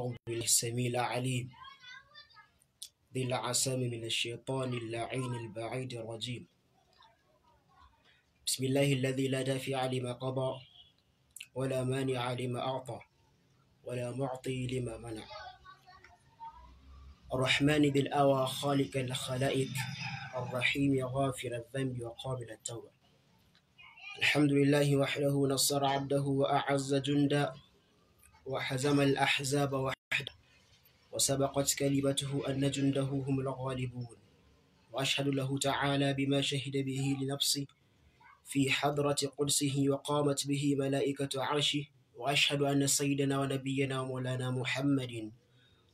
أعوذ بالله السميع العليم ذي العسام من الشيطان اللعين البعيد الرجيم بسم الله الذي لا دافع لما قضى ولا مانع لما أعطى ولا معطي لما منع الرحمن بالأوى خالق الخلائق الرحيم غافر الذنب وقابل التوبة الحمد لله وحده نصر عبده وأعز جنده وحزم الأحزاب وحده وسبقت كلمته أن جنده هم الغالبون وأشهد له تعالى بما شهد به لنفسه في حضرة قدسه وقامت به ملائكة عرشه وأشهد أن سيدنا ونبينا ومولانا محمد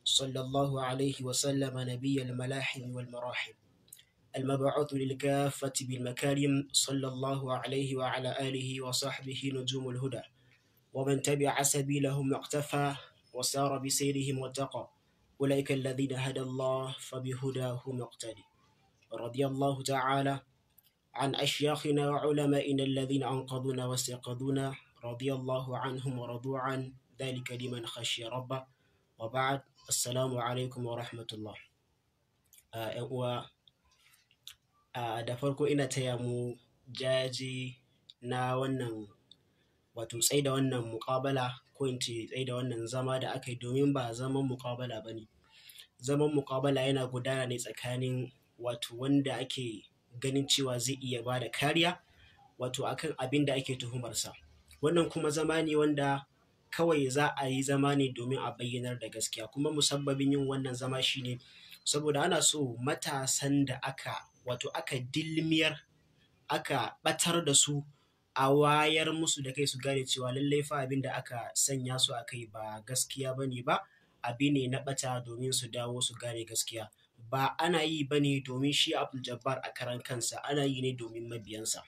صلى الله عليه وسلم نبي الملاحم والمراحم المبعوث للكافة بالمكارم صلى الله عليه وعلى آله وصحبه نجوم الهدى ومن تبع سبيلهم اقتفى وسار بسيرهم واتقى أولئك الذين هدى الله فبهداه مقتدي رضي الله تعالى عن أشياخنا وعلمائنا الذين أنقذونا واستيقظونا رضي الله عنهم ورضوا عن ذلك لمن خشي ربه وبعد السلام عليكم ورحمة الله آه، و آه، da farko ina taya mu jaji na wannan wato tsai da wannan muƙabala ko in ce tsai da wannan zama da aka yi domin ba zaman muƙabala ba ne zaman muƙabala yana gudana ne tsakanin wato wanda ake ganin cewa zai iya ba da kariya wato akan abin da ake tuhumarsa wannan kuma zama ne wanda kawai za a yi zama ne domin a bayyanar da gaskiya kuma musabbabin yin wannan zama shine saboda ana so matasan da aka wato aka dilmiyar aka ɓatar da su a wayar musu da kai su gane cewa lallai fa abin da aka sanya su a kai ba gaskiya ba ne ba abi ne na ɓata domin su dawo su gane gaskiya ba ana yi ba ne domin shi abdul jabbar a karan kansa ana yi ne domin mabiyansa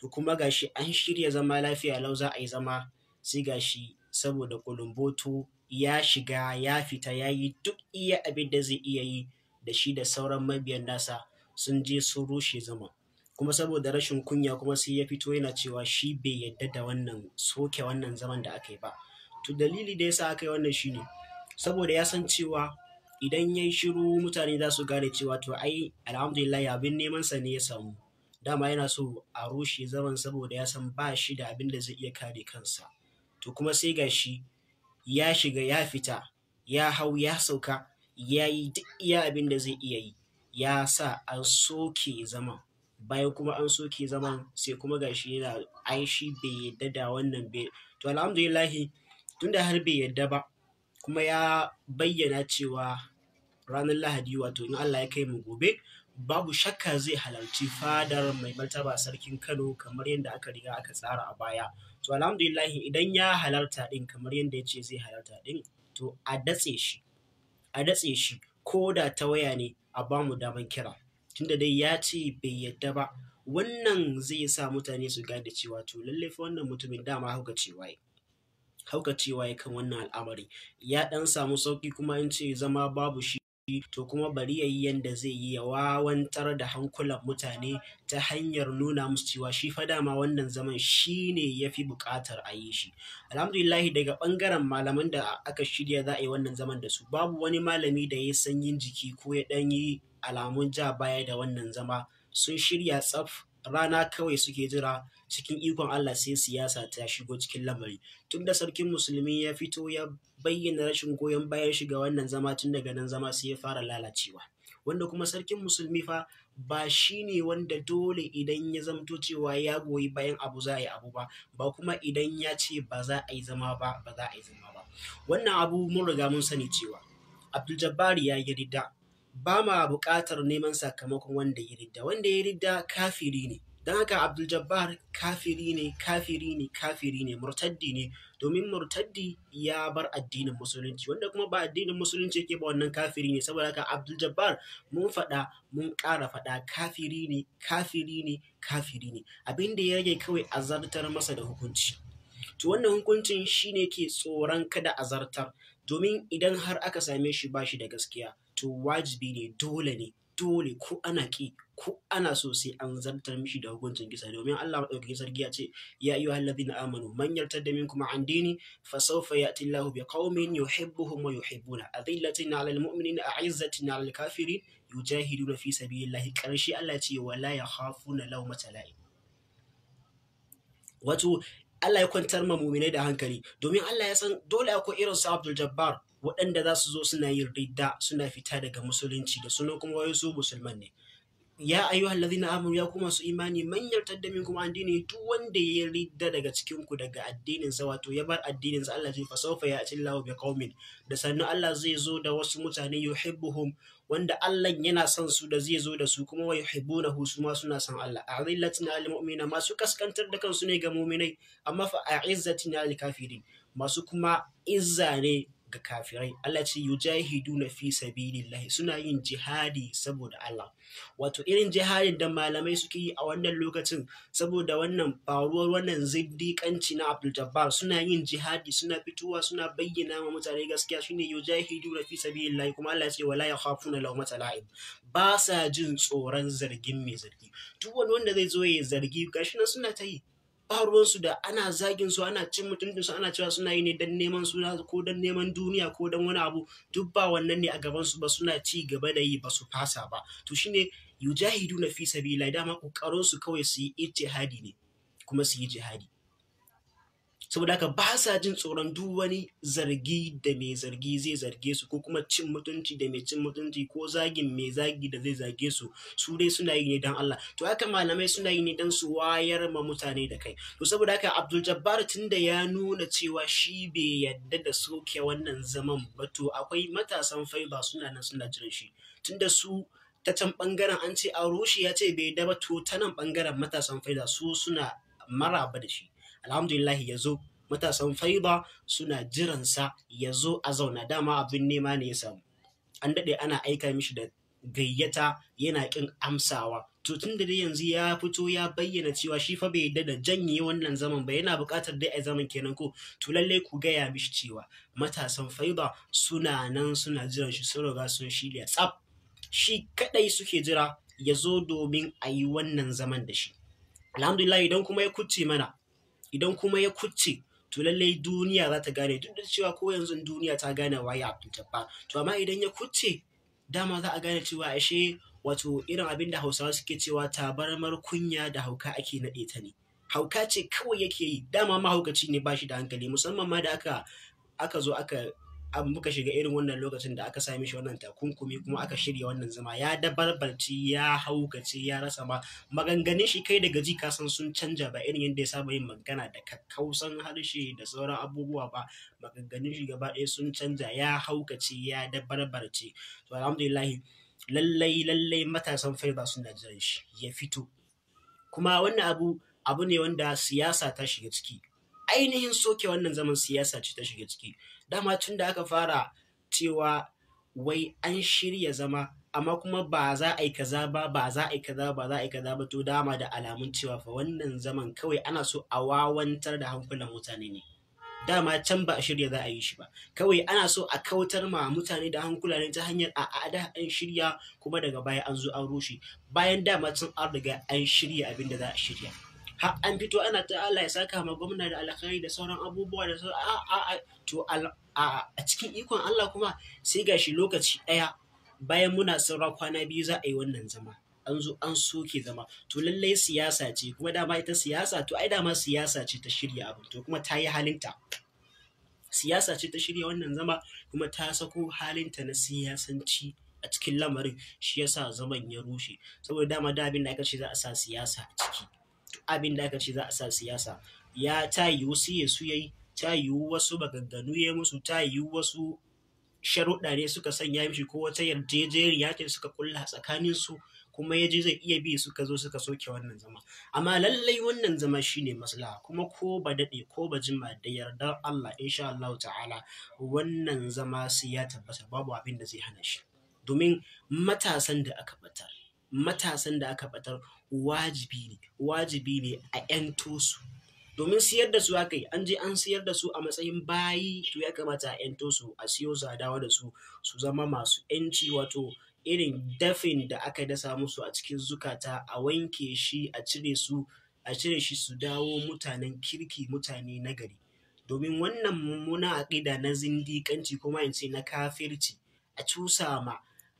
to kuma gashi an shirya zama lafiya lau za a yi zama sai gashi saboda kulumboto ya shiga ya fita ya yi duk iya abin da zai iya yi da shi da sauran mabiyan nasa sun je sun rushe zaman kuma saboda rashin kunya kuma sai ya fito yana cewa shi bai yadda da wannan soke wannan zaman da aka yi ba to dalili da yasa aka yi wannan shine saboda ya san cewa idan ya shiru mutane za su gane cewa to ai alhamdulillah abin neman sa ne ya samu dama yana so a rushe zaman saboda ya san ba shi da abin da zai iya kare kansa to kuma sai gashi, ya shiga ya fita ya hau ya sauka ya yi duk iya abin da zai iya yi ya sa an soke zaman bayan kuma an soke zama sai kuma gashi yana ai shi bai yadda da wannan bai to alhamdulillah tunda har bai yadda ba kuma ya bayyana cewa ranar lahadi wato in allah ya kai mu gobe babu shakka zai halarci fadar mai martaba sarkin kano kamar yadda aka riga aka tsara a baya to alhamdulillah idan ya halarta din kamar yadda ya ce zai halarta din to a datse shi a datse shi ko da ta waya ne a bamu daman kira tunda dai ya ce bai yadda ba wannan zai sa mutane su gane cewa to lallai fa wannan mutumin dama hauka cewa ya hauka cewa kan wannan al'amari ya dan samu sauki kuma in ce zama babu shi to kuma bari yayi yanda zai yi ya wawantar da hankulan mutane ta hanyar nuna musu cewa shi fa dama wannan zaman shi ne ya fi buƙatar a yi shi alhamdulillahi daga ɓangaren malaman da aka shirya za a yi wannan zaman da su babu wani malami da ya sanyin jiki ko ya ɗan yi alamun ja baya da wannan zama sun shirya tsaf rana kawai suke jira cikin ikon Allah sai siyasa ta shigo cikin lamari tun da sarkin musulmi ya fito ya bayyana rashin goyon bayan shiga wannan zama tun daga nan zama sai ya fara lalacewa wanda kuma sarkin musulmi fa ba shi ne wanda dole idan ya zamto cewa ya goyi bayan abu za a yi abu ba ba kuma idan ya ce ba za a yi zama ba ba za a yi zama ba wannan abu mun riga mun sani cewa abdul jabbari ya yi ridda ba ma buƙatar neman sakamakon wanda ya ridda wanda ya ridda kafiri ne don haka abdul jabbar kafiri ne kafiri ne kafiri ne murtaddi ne domin murtaddi ya bar addinin musulunci wanda kuma ba addinin musulunci yake ba wannan kafiri ne saboda haka abdul jabbar mun faɗa mun ƙara faɗa kafiri ne kafiri ne kafiri ne Abinda ya rage kawai azartar masa da hukunci to wannan hukuncin shine ke tsoron kada azartar domin idan har aka same shi ba shi da gaskiya to wajibi ne dole ne dole ko ana ki ko ana so sai an zartar mishi da hukuncin kisa domin Allah maɗaukaki sarki ya ce ya ayu halladhina amanu man yartadda minkum an dini fa sawfa ya'ti Allahu bi qaumin yuhibbuhum wa yuhibbuna adillatin 'alal mu'minina a'izzatin 'alal kafirin yujahiduna fi sabilillahi karshe Allah ce wala lau lawmata matalai. wato Allah ya kwantar ma muminai da hankali domin Allah ya san dole akwai irin su Abdul Jabbar waɗanda za su zo suna yin ridda suna fita daga musulunci da suna kuma wayo su musulman ne ya ayyuha allazina amanu ya kuma su imani man yartadda minkum an dini duk wanda ya ridda daga cikin ku daga addinin sa wato ya bar addinin sa Allah zai fa sawfa ya atillahu bi qaumin da sannu Allah zai zo da wasu mutane yuhibbuhum wanda Allah yana son su da zai zo da su kuma wa hu su ma suna son Allah a'izzatina lil mu'mina masu kaskantar da kansu ne ga mu'minai amma fa a'izzatina lil kafirin masu kuma izza ne ga kafirai Allah ce na fi sabilillahi suna yin jihadi saboda Allah wato irin jihadin da malamai suke yi a wannan lokacin saboda wannan faruwar wannan ziddiƙanci na Abdul Jabbar suna yin jihadi suna fitowa suna bayyana wa mutane gaskiya shine na fi sabilillahi kuma Allah ce wala yakhafuna lawmata la'ib ba sa jin tsoron zargin mai zargi duk wanda zai zo ya zargi gashi na suna ta yi ba da ana zagin su ana cin mutuncin su ana cewa suna yi ne don neman suna ko don neman duniya ko don wani abu duk ba wannan ne a gaban su ba suna ci gaba da yi ba su fasa ba to shine yujahidu na fi sabila dama kokarin su kawai su yi ijtihadi ne kuma su yi jihadi saboda haka ba sa jin tsoron duk wani zargi da mai zargi zai zarge su ko kuma cin mutunci da mai cin mutunci ko zagin mai zagi da zai zage su su dai suna yi ne don Allah to haka malamai suna yi ne don su wayar ma mutane da kai to saboda haka Abdul Jabbar tunda ya nuna cewa shi bai yadda da soke wannan zaman ba to akwai matasan ba suna nan suna jiran shi tunda su ta can bangaren an ce a ya ce bai ba, to ta nan bangaren matasan da su suna maraba da shi alhamdulillah ya zo matasan faiba suna jiransa ya zo a zauna dama abin nema ne ya samu an daɗe ana aika mishi da gayyata yana ƙin amsawa to tun da dai yanzu ya fito ya bayyana cewa shi fa bai yadda da janye wannan zaman ba yana buƙatar dai a zaman kenan ko to lallai ku gaya mishi cewa matasan faiba suna nan suna jiran shi sun riga sun shirya tsaf shi kadai suke jira ya zo domin a yi wannan zaman da shi alhamdulillah idan kuma ya kuce mana idan kuma ya kucce to lallai duniya za ta gane duk da cewa ko yanzu duniya ta gane waye abin tabba to amma idan ya kucce dama za a gane cewa ashe wato irin abin da Hausawa suke cewa tabarmar kunya da hauka ake naɗe ta ne hauka ce kawai yake yi dama mahaukaci ne ba shi da hankali musamman ma da aka aka zo aka an muka shiga irin wannan lokacin da aka sami shi wannan takunkumi kuma aka shirya wannan zama ya dabarbarci ya haukace ya rasa ma maganganun shi kai daga ji kasan sun canja ba irin yadda ya saba yin magana da kakkausan harshe da sauran abubuwa ba maganganun shi gaba ɗaya sun canja ya haukace ya dabarbarci to alhamdulillah lallai lallai matasan faiba suna jiran shi ya fito kuma wannan abu abu ne wanda siyasa ta shiga ciki ainihin soke wannan zaman siyasa ce ta shiga ciki dama tun da aka fara cewa wai an shirya zama amma kuma ba za a yi kaza ba ba za a yi kaza ba za a yi kaza ba to dama da alamun cewa fa wannan zaman kawai ana so a wawantar da hankulan mutane ne dama can ba a shirya za a yi shi ba kawai ana so a kautar ma mutane da hankula ne ta hanyar a ada an shirya kuma daga baya an zo an rushe bayan dama tun an riga an shirya abin da za a shirya har an fito ana ta Allah ya saka ma gwamna da alkhairi da sauran abubuwa da sauran a a to a cikin ikon Allah kuma sai gashi lokaci ɗaya bayan muna saura kwana biyu za a yi wannan zama an zo an soke zama to lallai siyasa ce kuma dama ita siyasa to ai dama siyasa ce ta shirya abin to kuma ta yi halinta siyasa ce ta shirya wannan zama kuma ta sako halinta na siyasanci a cikin lamarin shi yasa zaman ya rushe saboda dama da abin da aka ce za a sa siyasa a ciki abin da aka ce za a sa siyasa ya ta yiwu siye su yayi ta yiwu wasu maganganu ya musu ta yiwu wasu sharuɗa ne suka sanya mishi ko wata yarjejeriya ce suka kulla tsakanin su kuma ya je zai iya bi suka zo suka soke wannan zama amma lallai wannan zama shine masla, kuma ko ba daɗe ko ba jima da yardar Allah insha Allah ta'ala wannan zama sai ya tabbata babu abin da zai hana shi domin matasan da aka batar matasan da aka batar wajibi ne wajibi ne a 'yanto su domin siyar da su aka an je an siyar da su a matsayin bayi to ya kamata a 'yanto su a siyo su a dawo da su su zama masu 'yanci wato irin dafin da aka dasa musu a cikin zukata a wanke shi a cire su a cire shi su dawo mutanen kirki mutane nagari domin wannan mummuna aƙida na zindikanci kuma in ce na kafirci a cusa ma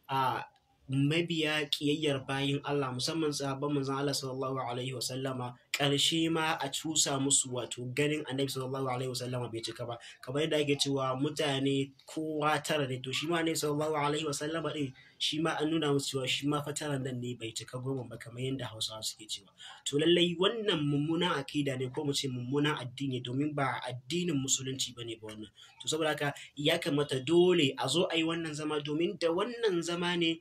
a mabiya ƙiyayyar bayin Allah musamman sahabban manzon Allah sallallahu alaihi wa sallama ƙarshe ma a cusa musu wato ganin annabi sallallahu alaihi wa sallama bai cika ba kamar yadda ake cewa mutane kowa tara ne to shi ma annabi sallallahu alaihi wa sallama din shi ma an nuna musu cewa shi ma fataran nan ne bai cika goma ba kamar yadda Hausawa suke cewa to lallai wannan mummunan akida ne ko mu ce mummunan addini domin ba addinin musulunci bane ba wannan to saboda haka ya kamata dole a zo a yi wannan zama domin da wannan zama ne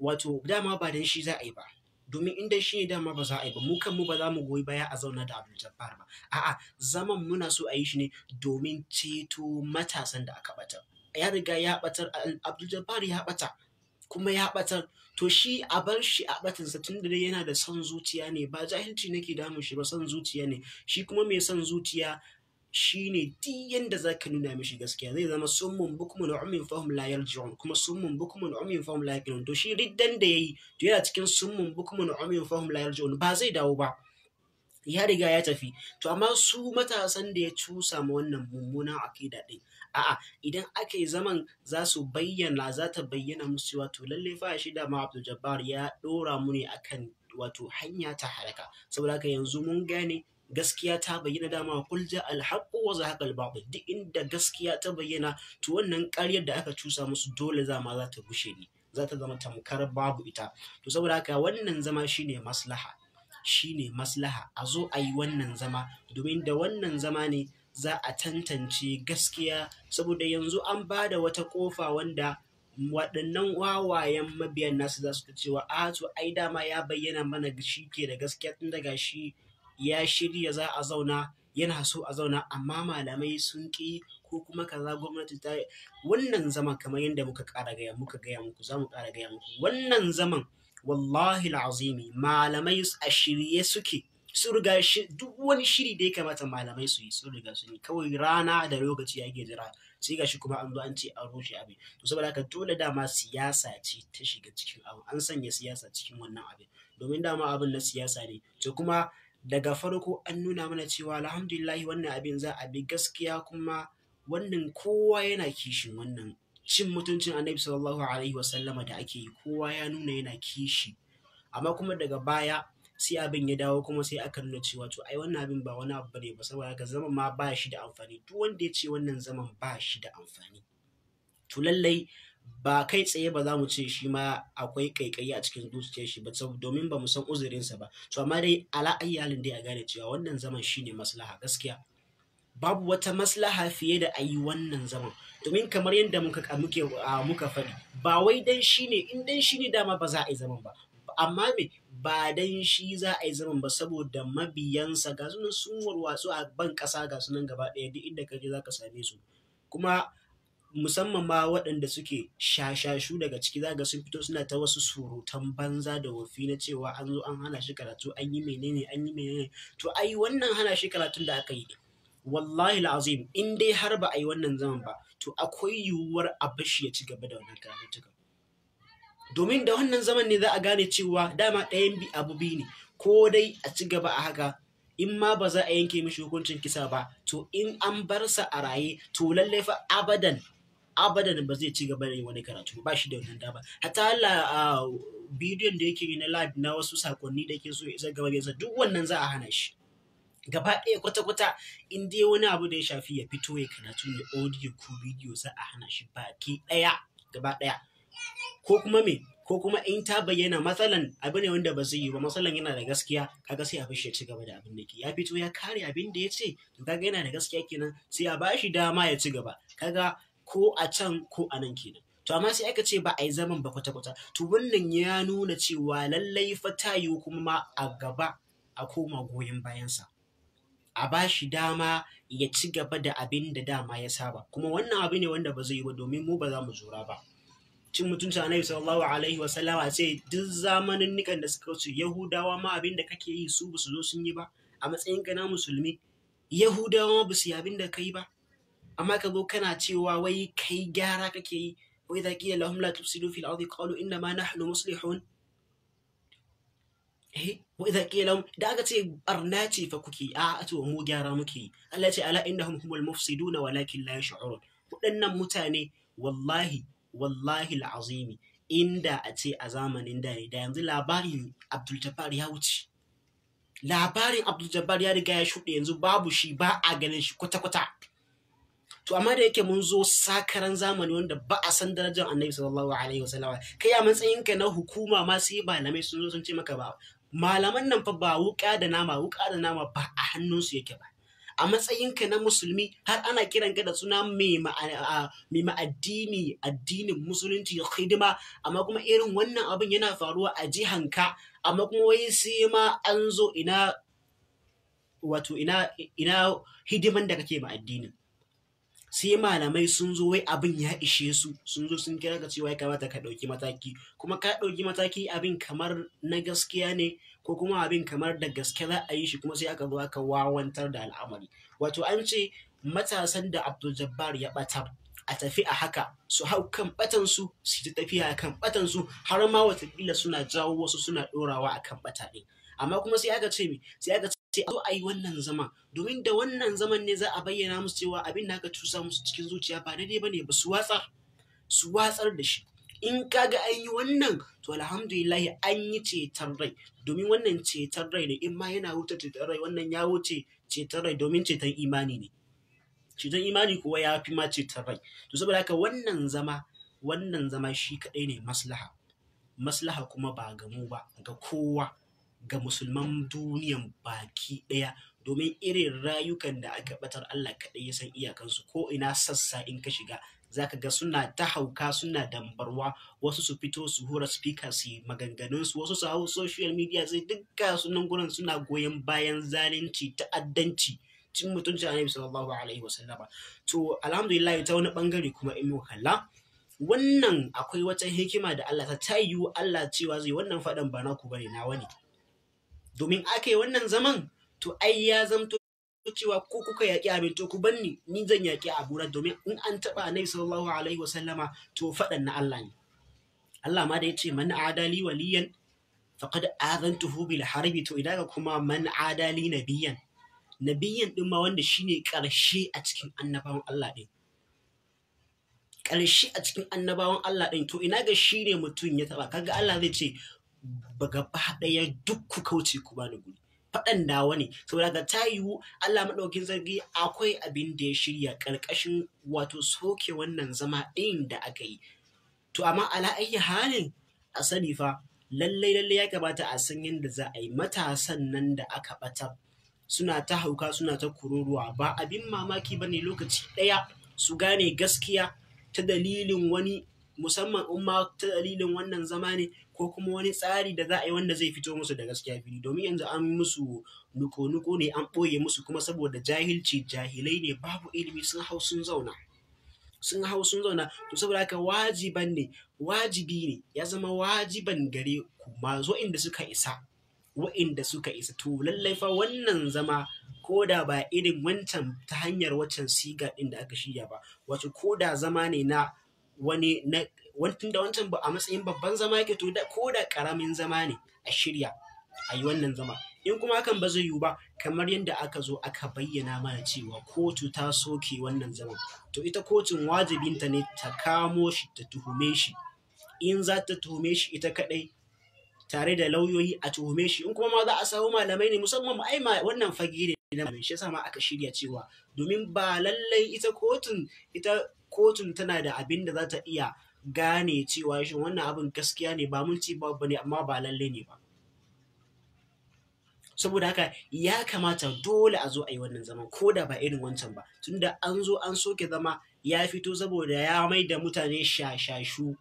wato dama ba dan shi za a yi ba domin inda shi ne dama ba za a yi ba mu kanmu ba za mu goyi baya a zauna da Abdul Jabbar ba a'a zaman muna so a yi shi ne domin ceto matasan da aka batar ya riga ya batar Abdul Jabbar ya bata kuma ya batar to shi a bar shi a sa tun da yana da son zuciya ne ba jahilci nake damun shi ba son zuciya ne shi kuma mai son zuciya shine duk yanda ka nuna mishi gaskiya zai zama summun bukumun umin fahim la yarji'un kuma summun bukumun umin fahim la yarji'un to shi riddan da yayi to yana cikin summun bukumun umin fahim la yarji'un ba zai dawo ba ya riga ya tafi to amma su matasan da ya cusa ma wannan mummunan akida din a'a idan aka yi zaman za su bayyana za ta bayyana musu wato lalle fa shi da ma Abdul Jabbar ya dora mu ne akan wato hanya ta haraka saboda haka yanzu mun gane gaskiya ta bayyana dama kul ja al haqqu wa zahaqa al batil duk inda gaskiya ta bayyana to wannan ƙaryar da aka cusa musu dole za ma za ta bushe ni, za ta zama tamkar babu ita to saboda haka wannan zama shine maslaha shine maslaha a zo a yi wannan zama domin da wannan zama ne za a tantance gaskiya saboda yanzu an ba da wata kofa wanda waɗannan wawayen mabiyan nasu za su ta cewa a to ai dama ya bayyana mana shi ke da gaskiya tun daga shi ya shirya za a zauna yana so a zauna amma malamai sun ƙi ko kuma kaza gwamnati ta wannan zaman kamar yadda muka ƙara gaya muka gaya muku za mu ƙara gaya muku wannan zaman wallahi azimi malamai a shirye suke sun riga duk wani shiri da ya kamata malamai su yi sun riga su yi kawai rana da lokaci ake gejira sai ga shi kuma an zo an ce an rushe abin to saboda haka dole dama siyasa ce ta shiga cikin abu an sanya siyasa cikin wannan abin domin dama abin na siyasa ne to kuma daga farko an nuna mana cewa alhamdulillahi wannan abin za a bi gaskiya kuma wannan kowa yana kishin wannan cin mutuncin annabi sallallahu alaihi wasallama da ake yi kowa ya nuna yana kishi amma kuma daga baya sai abin ya dawo kuma sai aka nuna cewa to ai wannan abin ba wani abu bane ba saboda ga zaman ma ba shi da amfani duk wanda ya ce wannan zaman ba shi da amfani to lallai ba kai tsaye ba za mu ce shi ma akwai kaikayi a cikin zuciyar shi ba domin ba mu san uzurinsa ba to amma dai ala ayyalin dai a gane cewa wannan zaman shine maslaha gaskiya babu wata maslaha fiye da a yi wannan zaman domin kamar yadda muka muke muka faɗi ba wai dan ne, in dan shine dama ba za a yi zaman ba amma me ba dan shi za a yi zaman ba saboda mabiyansa ga sunan sun warwatsu a ban ƙasa ga sunan gaba ɗaya duk inda ka je za ka same su kuma musamman ma waɗanda suke shashashu daga ciki zaga sun fito suna ta wasu surutan banza da wofi na cewa an zo an hana shi karatu an yi menene an yi menene to ai wannan hana shi karatun da aka yi wallahi azim in dai har ba a yi wannan zaman ba to akwai yiwuwar a bashi ya ci gaba da wannan karatuka domin da wannan zaman ne za a gane cewa dama ɗayan bi abu biyu ne ko dai a ci gaba a haka in ma ba za a yanke mishi hukuncin kisa ba to in an bar sa a raye to lallai fa abadan abadan ba zai ci gaba da yin wani karatu ba shi da wannan dama hatta Allah bidiyon da yake yi na live na wasu sakonni da yake so ya gaba da duk wannan za a hana shi gaba ɗaya kwata-kwata in dai wani abu da ya shafi ya fito ya karatu ne audio ko video za a hana shi baki ɗaya gaba ɗaya ko kuma me ko kuma in ta bayyana matsalan abu ne wanda ba zai yi ba matsalan yana da gaskiya kaga sai a shi ya ci gaba da abin da ke ya fito ya kare abin da ya ce to kaga yana da gaskiya kenan sai a bashi dama ya ci gaba kaga ko a can ko a nan kenan to amma sai aka ce ba a yi zaman ba kwata-kwata to wannan ya nuna cewa lallai fa fatayu kuma ma a gaba a koma goyon bayansa a ba shi dama ya ci gaba da abin da dama ya saba kuma wannan abu ne wanda ba zai yi ba domin mu ba za mu zura ba cin mutunci annabi sallallahu alaihi wa sallama ce duk zamanin nikan da suka wuce yahudawa ma abin da kake yi su ba su zo sun yi ba a matsayin ka na musulmi yahudawa ba su yi abin da ka yi ba amma ka zo kana cewa wai kai gyara kake yi wai za ki lahum la tusidu fil ardi qalu inna ma nahnu muslihun eh wai za ki lahum da aka ce barna ce fa kuke a to mu gyara muke yi Allah ce ala innahum humul mufsidun walakin la yash'urun waɗannan mutane wallahi wallahi al'azimi inda a ce a zamanin da ne da yanzu labarin Abdul Jabbar ya wuce labarin Abdul Jabbar ya riga ya shuɗe yanzu babu shi ba a ganin shi kwata-kwata to amma da yake mun zo sakaran zamani wanda ba a san darajar annabi sallallahu alaihi wasallam kai a matsayin ka na hukuma ma sai malamai sun zo sun ce maka ba malaman nan fa ba wuka da nama wuka da nama ba a hannun su yake ba a matsayinka na musulmi har ana kiran ka da suna mai ma'addini addinin musulunci hidima amma kuma irin wannan abin yana faruwa a jihanka amma kuma wai sai ma an zo ina wato ina hidiman da kake ma addinin sai malamai sun zo wai abin ya ishe su sun zo sun kira ka cewa ya kamata ka ɗauki mataki kuma ka ɗauki mataki abin kamar na gaskiya ne ko kuma abin kamar da gaske za a yi shi kuma sai aka zo aka wawantar da al'amari wato an ce matasan da abdul jabbar ya ɓata a tafi a haka su hau kan ɓatansu su ta tafiya kan su har ma watakila suna jawo wasu suna ɗorawa a kan bata ne amma kuma sai aka ce mi sai aka sai a zo a yi wannan zama domin da wannan zaman ne za a bayyana musu cewa abin da aka cusa musu cikin zuciya ba daidai ne ba su watsar su watsar da shi in kaga an yi wannan to alhamdulillah an yi ceton rai domin wannan ceton rai ne in ma yana wuce ceton rai wannan ya wuce ceton rai domin ceton imani ne ceton imani kuwa ya fi ma ceton rai to saboda haka wannan zama wannan zama shi kadai ne maslaha maslaha kuma ba ga ba ga kowa ga musulman duniyan baki ɗaya domin irin rayukan da aka batar Allah kaɗai ya san iyakansu ko ina sassa in ka shiga zaka ga suna ta hauka suna dambarwa wasu su fito su hura speaker su maganganun maganganunsu wasu su hau social media sai dukka sunan gurin suna goyon bayan zalunci ta'addanci cin mutunci annabi sallallahu alaihi wasallama to alhamdulillah ta wani bangare kuma in muka kalla wannan akwai wata hikima da Allah ta tayu Allah cewa zai wannan fadan ba naku bane na wani domin aka yi wannan zaman to ai ya zamto cewa ko kuka yaƙi abin to ku banni ni zan yaƙi abura domin in an taɓa annabi sallallahu alaihi wasallama to faɗan na Allah ne Allah ma da ya ce man adali waliyan faqad azantuhu bil harbi to idan kuma man adali nabiyan nabiyan din ma wanda shine ƙarshe a cikin annabawan Allah din karshe a cikin annabawan Allah ɗin to ina ga shine ne mutum ya taɓa kaga Allah zai ce gaba ɗaya duk ku kauce ku bani guri faɗan nawa ne saboda ga ta yiwu Allah maɗaukin zargi akwai abin da ya shirya ƙarƙashin wato soke wannan zama ɗin da aka yi to amma ala ayyi halin a sani fa lallai lallai ya kamata a san yadda za a yi matasan nan da aka ɓata suna ta hauka suna ta kururuwa ba abin mamaki ba ne lokaci ɗaya su gane gaskiya ta dalilin wani musamman umma ta dalilin wannan zama ne ko kuma wani tsari da za a yi wanda zai fito musu da gaskiya biyu domin yanzu an musu nuko-nuko ne an ɓoye musu kuma saboda jahilci jahilai ne babu ilimi sun hau sun zauna sun hau sun zauna to saboda haka wajiban ne wajibi ne ya zama wajiban gare ku mazo inda suka isa wa'inda suka isa to lallai fa wannan zama ko da ba irin wancan ta hanyar waccan siga ɗin da aka shirya ba wato ko da zama ne na wani wancan da wancan ba a matsayin babban zama yake to ko da karamin zama ne a shirya a yi wannan zama in kuma hakan ba zai yiwu ba kamar yadda aka zo aka bayyana mana cewa kotu ta soke wannan zaman to ita kotun wajibinta ne ta kamo shi ta tuhume shi in za ta tuhume shi ita kadai tare da lauyoyi a tuhume shi in kuma ma za a samu malamai ne musamman ai wannan fage ne na malamai shi yasa ma aka shirya cewa domin ba lallai ita kotun ita kotun tana da abin da za ta iya gane cewa shi wannan abin gaskiya ne ba mulci ba ne amma ba lalle ne ba saboda haka ya kamata dole a zo a yi wannan zama ko da ba irin wancan ba tunda an zo an soke zama ya fito saboda ya mai da mutane shashashu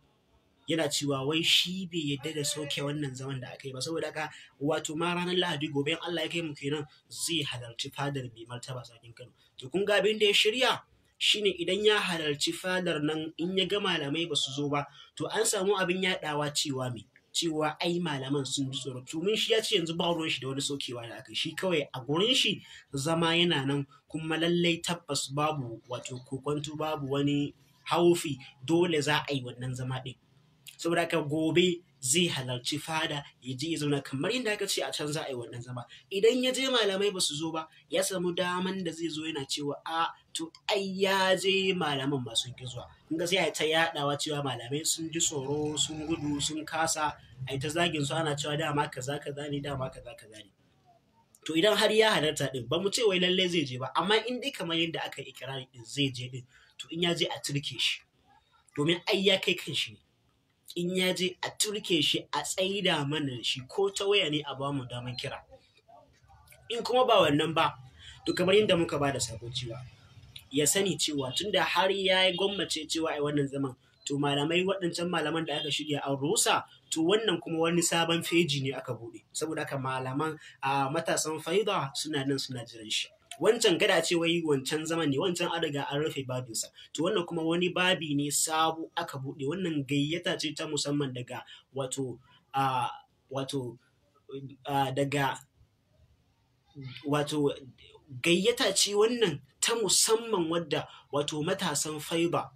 yana cewa wai shi bai yadda da soke wannan zaman da aka yi ba saboda haka wato ma ranar lahadi gobe in Allah ya kai mu kenan zai halarci fadar mai martaba sarkin Kano to kun ga abin da ya shirya shine idan ya halarci fadar nan in ya ga malamai ba su zo ba to an samu abin yaɗawa cewa me cewa ai malaman sun ji tsoro tumin shi ya ce yanzu ba ruwan shi da wani sokewa da aka shi kawai a gurin shi zama yana nan kuma lallai tabbas babu wato kokwanto babu wani haufi dole za a yi wannan zama ɗin saboda haka gobe zai halarci fada ya je ya zauna kamar yadda aka ce a can za a yi wannan zama idan ya je malamai ba su zo ba ya samu daman da zai zo yana cewa a to ai ya je malaman ba sun ki zuwa in ga sai a ta yadawa cewa malamai sun ji tsoro sun gudu sun kasa a zagin su ana cewa dama kaza kaza ne dama kaza kaza ne to idan har ya halarta din ba mu ce wai lalle zai je ba amma in dai kamar yadda aka yi ikirari din zai je din to in ya je a turke shi domin ai ya kai kan shi ne in ya je a turke shi a tsaida mana shi ko ta waya ne a ba mu daman kira in kuma ba wannan ba to kamar yadda muka ba da sabo cewa ya sani cewa tunda har ya yi gwammace cewa a wannan zaman to malamai waɗancan malaman da aka shirya an rusa to wannan kuma wani sabon feji ne aka buɗe saboda haka malaman a matasan faida suna nan suna jiran shi wancan gada ce wai wancan zaman ne wancan an riga an rufe babinsa to wannan kuma wani babi ne sabo aka buɗe wannan gayyata ce ta musamman daga wato uh, wato daga wato gayyata ce wannan ta musamman wadda wato matasan faiba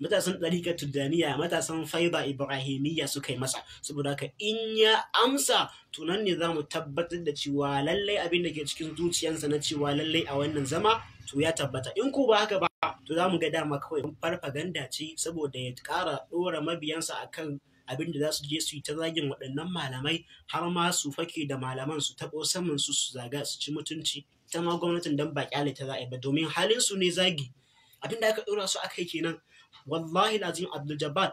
matasan ɗariƙar tuddaniya matasan faiba ibrahimiyya suka yi masa saboda haka in ya amsa tunan ne za mu tabbatar da cewa lallai abin da ke cikin zuciyarsa na cewa lallai a wannan zama to ya tabbata in ku ba haka ba to za mu ga dama kawai farfaganda ce saboda ya ƙara ɗora mabiyansa akan abin da za su je su yi ta zagin waɗannan malamai har ma su fake da malaman su taɓo saman su su zaga su ci mutunci ta ma gwamnatin don ba kyale ta za yi ba domin halin su ne zagi abin da aka ɗora su aka yi kenan wallahi lazim abdul jabbar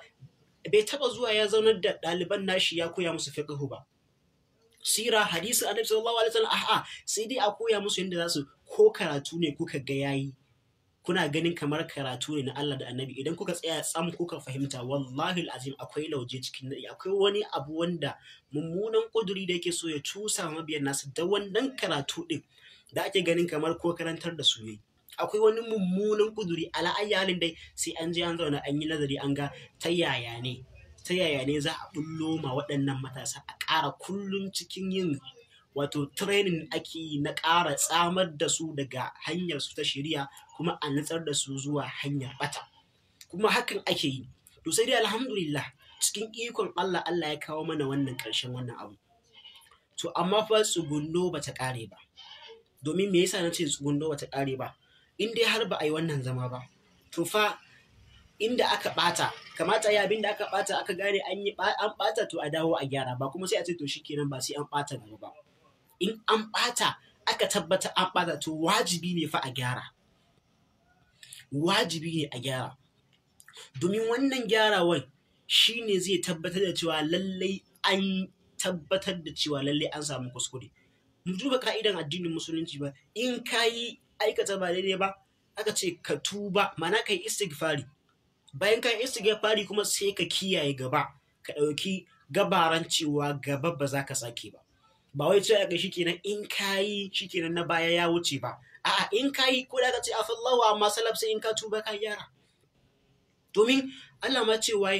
bai taba zuwa ya zaunar da ɗaliban nashi ya koya musu fiqhu ba sira hadisi annabi sallallahu alaihi wasallam a'a sai dai a koya musu yadda zasu ko karatu ne kuka ga yayi kuna ganin kamar karatu ne na Allah da annabi idan kuka tsaya tsam kuka fahimta wallahi azim akwai lauje cikin nadi akwai wani abu wanda mummunan kuduri da yake so ya cusa mabiyan nasu da wannan karatu din da ake ganin kamar ko karantar da su yayi akwai wani mummunan kuduri ala ayyalin dai sai an je an zauna an yi nazari an ga ta yaya ne ta yaya ne za a bullo ma waɗannan matasa a ƙara kullum cikin yin wato training ake yi na ƙara tsamar da su daga hanyar su ta shirya kuma a nutsar da su zuwa hanyar bata kuma hakan ake yi to sai dai alhamdulillah cikin ikon Allah Allah ya kawo mana wannan ƙarshen wannan abu to amma fa tsugunno bata kare ba domin me yasa na ce tsugunno bata kare ba in dai har ba a yi wannan zama ba to fa inda aka bata kamata ya abin da aka bata aka gane an yi an bata to a dawo a gyara ba kuma sai a ce to shikenan ba sai an bata gaba ba in an bata aka tabbata an bata to wajibi ne fa a gyara wajibi ne a gyara domin wannan gyarawan shine zai tabbatar da cewa lallai an tabbatar da cewa lallai an samu kuskure mu duba ka'idan addinin musulunci ba in kayi aikata ba daidai ba aka ce ka tuba mana kai istighfari bayan kai istighfari kuma sai ka kiyaye gaba ka ɗauki gabaran cewa gaba ba za ka sake ba ba wai cewa ga shikenan in kayi shikenan na baya ya wuce ba a'a in kayi ko da ka ce afallahu amma salaf sai in ka tuba ka yara domin Allah ma cewa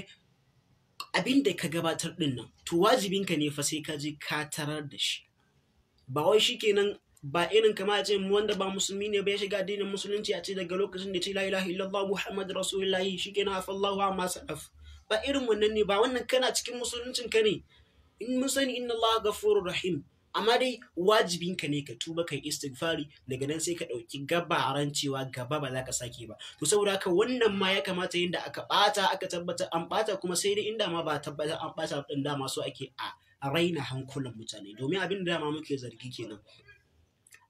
abin da ka gabatar din nan to wajibinka ne fa sai ka je ka tarar da shi ba wai shikenan ba irin kama ce wanda ba musulmi ne bai shiga addinin musulunci a ce daga lokacin da ce la ilaha illallah muhammad rasulullahi shikenan a masu daf ba irin wannan ne ba wannan kana cikin musuluncin ka ne in mun sani inna rahim amma dai wajibin ka ne ka tuba kai istighfari daga nan sai ka ɗauki gabaran cewa gaba ba za ka sake ba to saboda haka wannan ma ya kamata yinda aka bata aka tabbata an bata kuma sai dai inda ma ba tabbata an bata din dama so ake a raina hankulan mutane domin abin da dama muke zargi kenan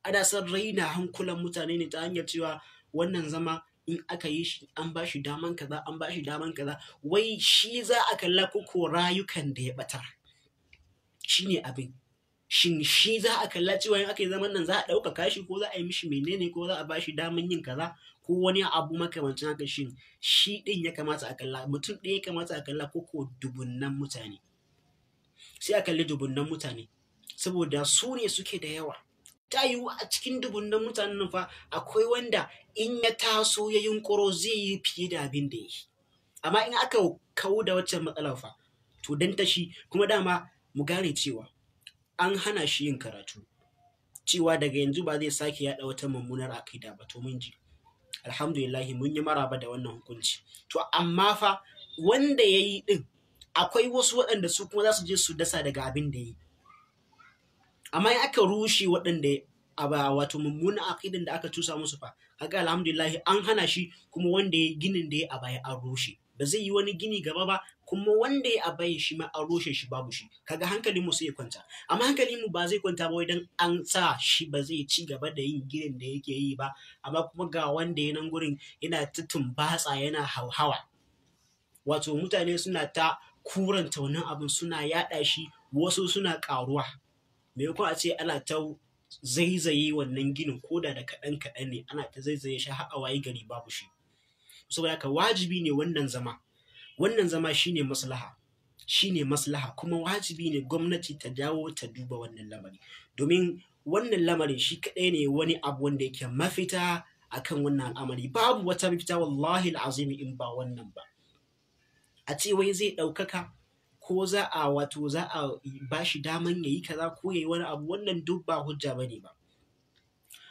ana son na hankulan mutane ne ta hanyar cewa wannan zama in aka yi shi an ba shi daman kaza an ba shi daman kaza wai shi za a kalla ko rayukan da ya batar shine abin shin shi za a kalla cewa in aka yi zaman nan za a ɗaukaka shi ko za a yi mishi menene ko za a ba shi daman yin kaza ko wani abu makamancin haka shin shi ɗin ya kamata a kalla mutum ɗin ya kamata a kalla ko dubunnan mutane sai a kalli dubunnan mutane saboda su ne suke da yawa ta yiwu a cikin dubunnan mutanen fa akwai wanda in ya taso ya yunkuro zai yi fiye da abin da ya yi amma in aka kawo da waccan matsalar fa to dan tashi kuma dama mu gane cewa an hana shi yin karatu cewa daga yanzu ba zai sake yaɗa wata mummunar akida ba to mun ji alhamdulillah mun yi maraba da wannan hukunci to amma fa wanda ya yi din akwai wasu waɗanda su kuma za su je su dasa daga abin da ya yi amma in aka rushe waɗanda a ba wato mummunan aqidan da aka tusa musu fa kaga alhamdulillah an hana shi kuma wanda ya ginin da ya a baya an rushe ba zai yi wani gini gaba ba kuma wanda ya a baya shi ma an rushe shi babu shi kaga hankalin mu sai ya kwanta amma hankalin mu ba zai kwanta ba idan an sa shi ba zai ci gaba da yin ginin da yake yi ba amma kuma ga wanda ya nan gurin yana ta tumbatsa yana hauhawa wato mutane suna ta kuranta wannan abin suna yaɗa shi wasu suna ƙaruwa Me maimakon a ce ana ta zaizaye wannan ginin koda da kaɗan kaɗan ne ana ta zaizaye shi har a wayi gari babu shi saboda haka wajibi ne wannan zama wannan zama shine maslaha shine maslaha kuma wajibi ne gwamnati ta dawo ta duba wannan lamari domin wannan lamarin shi kaɗai ne wani abu wanda yake mafita akan wannan al'amari babu wata mafita wallahi al'azim in ba wannan ba a ce wai zai ɗaukaka ko za a wato za a ba shi daman yayi kaza ko yayi wani abu wannan duk ba hujja ba ne ba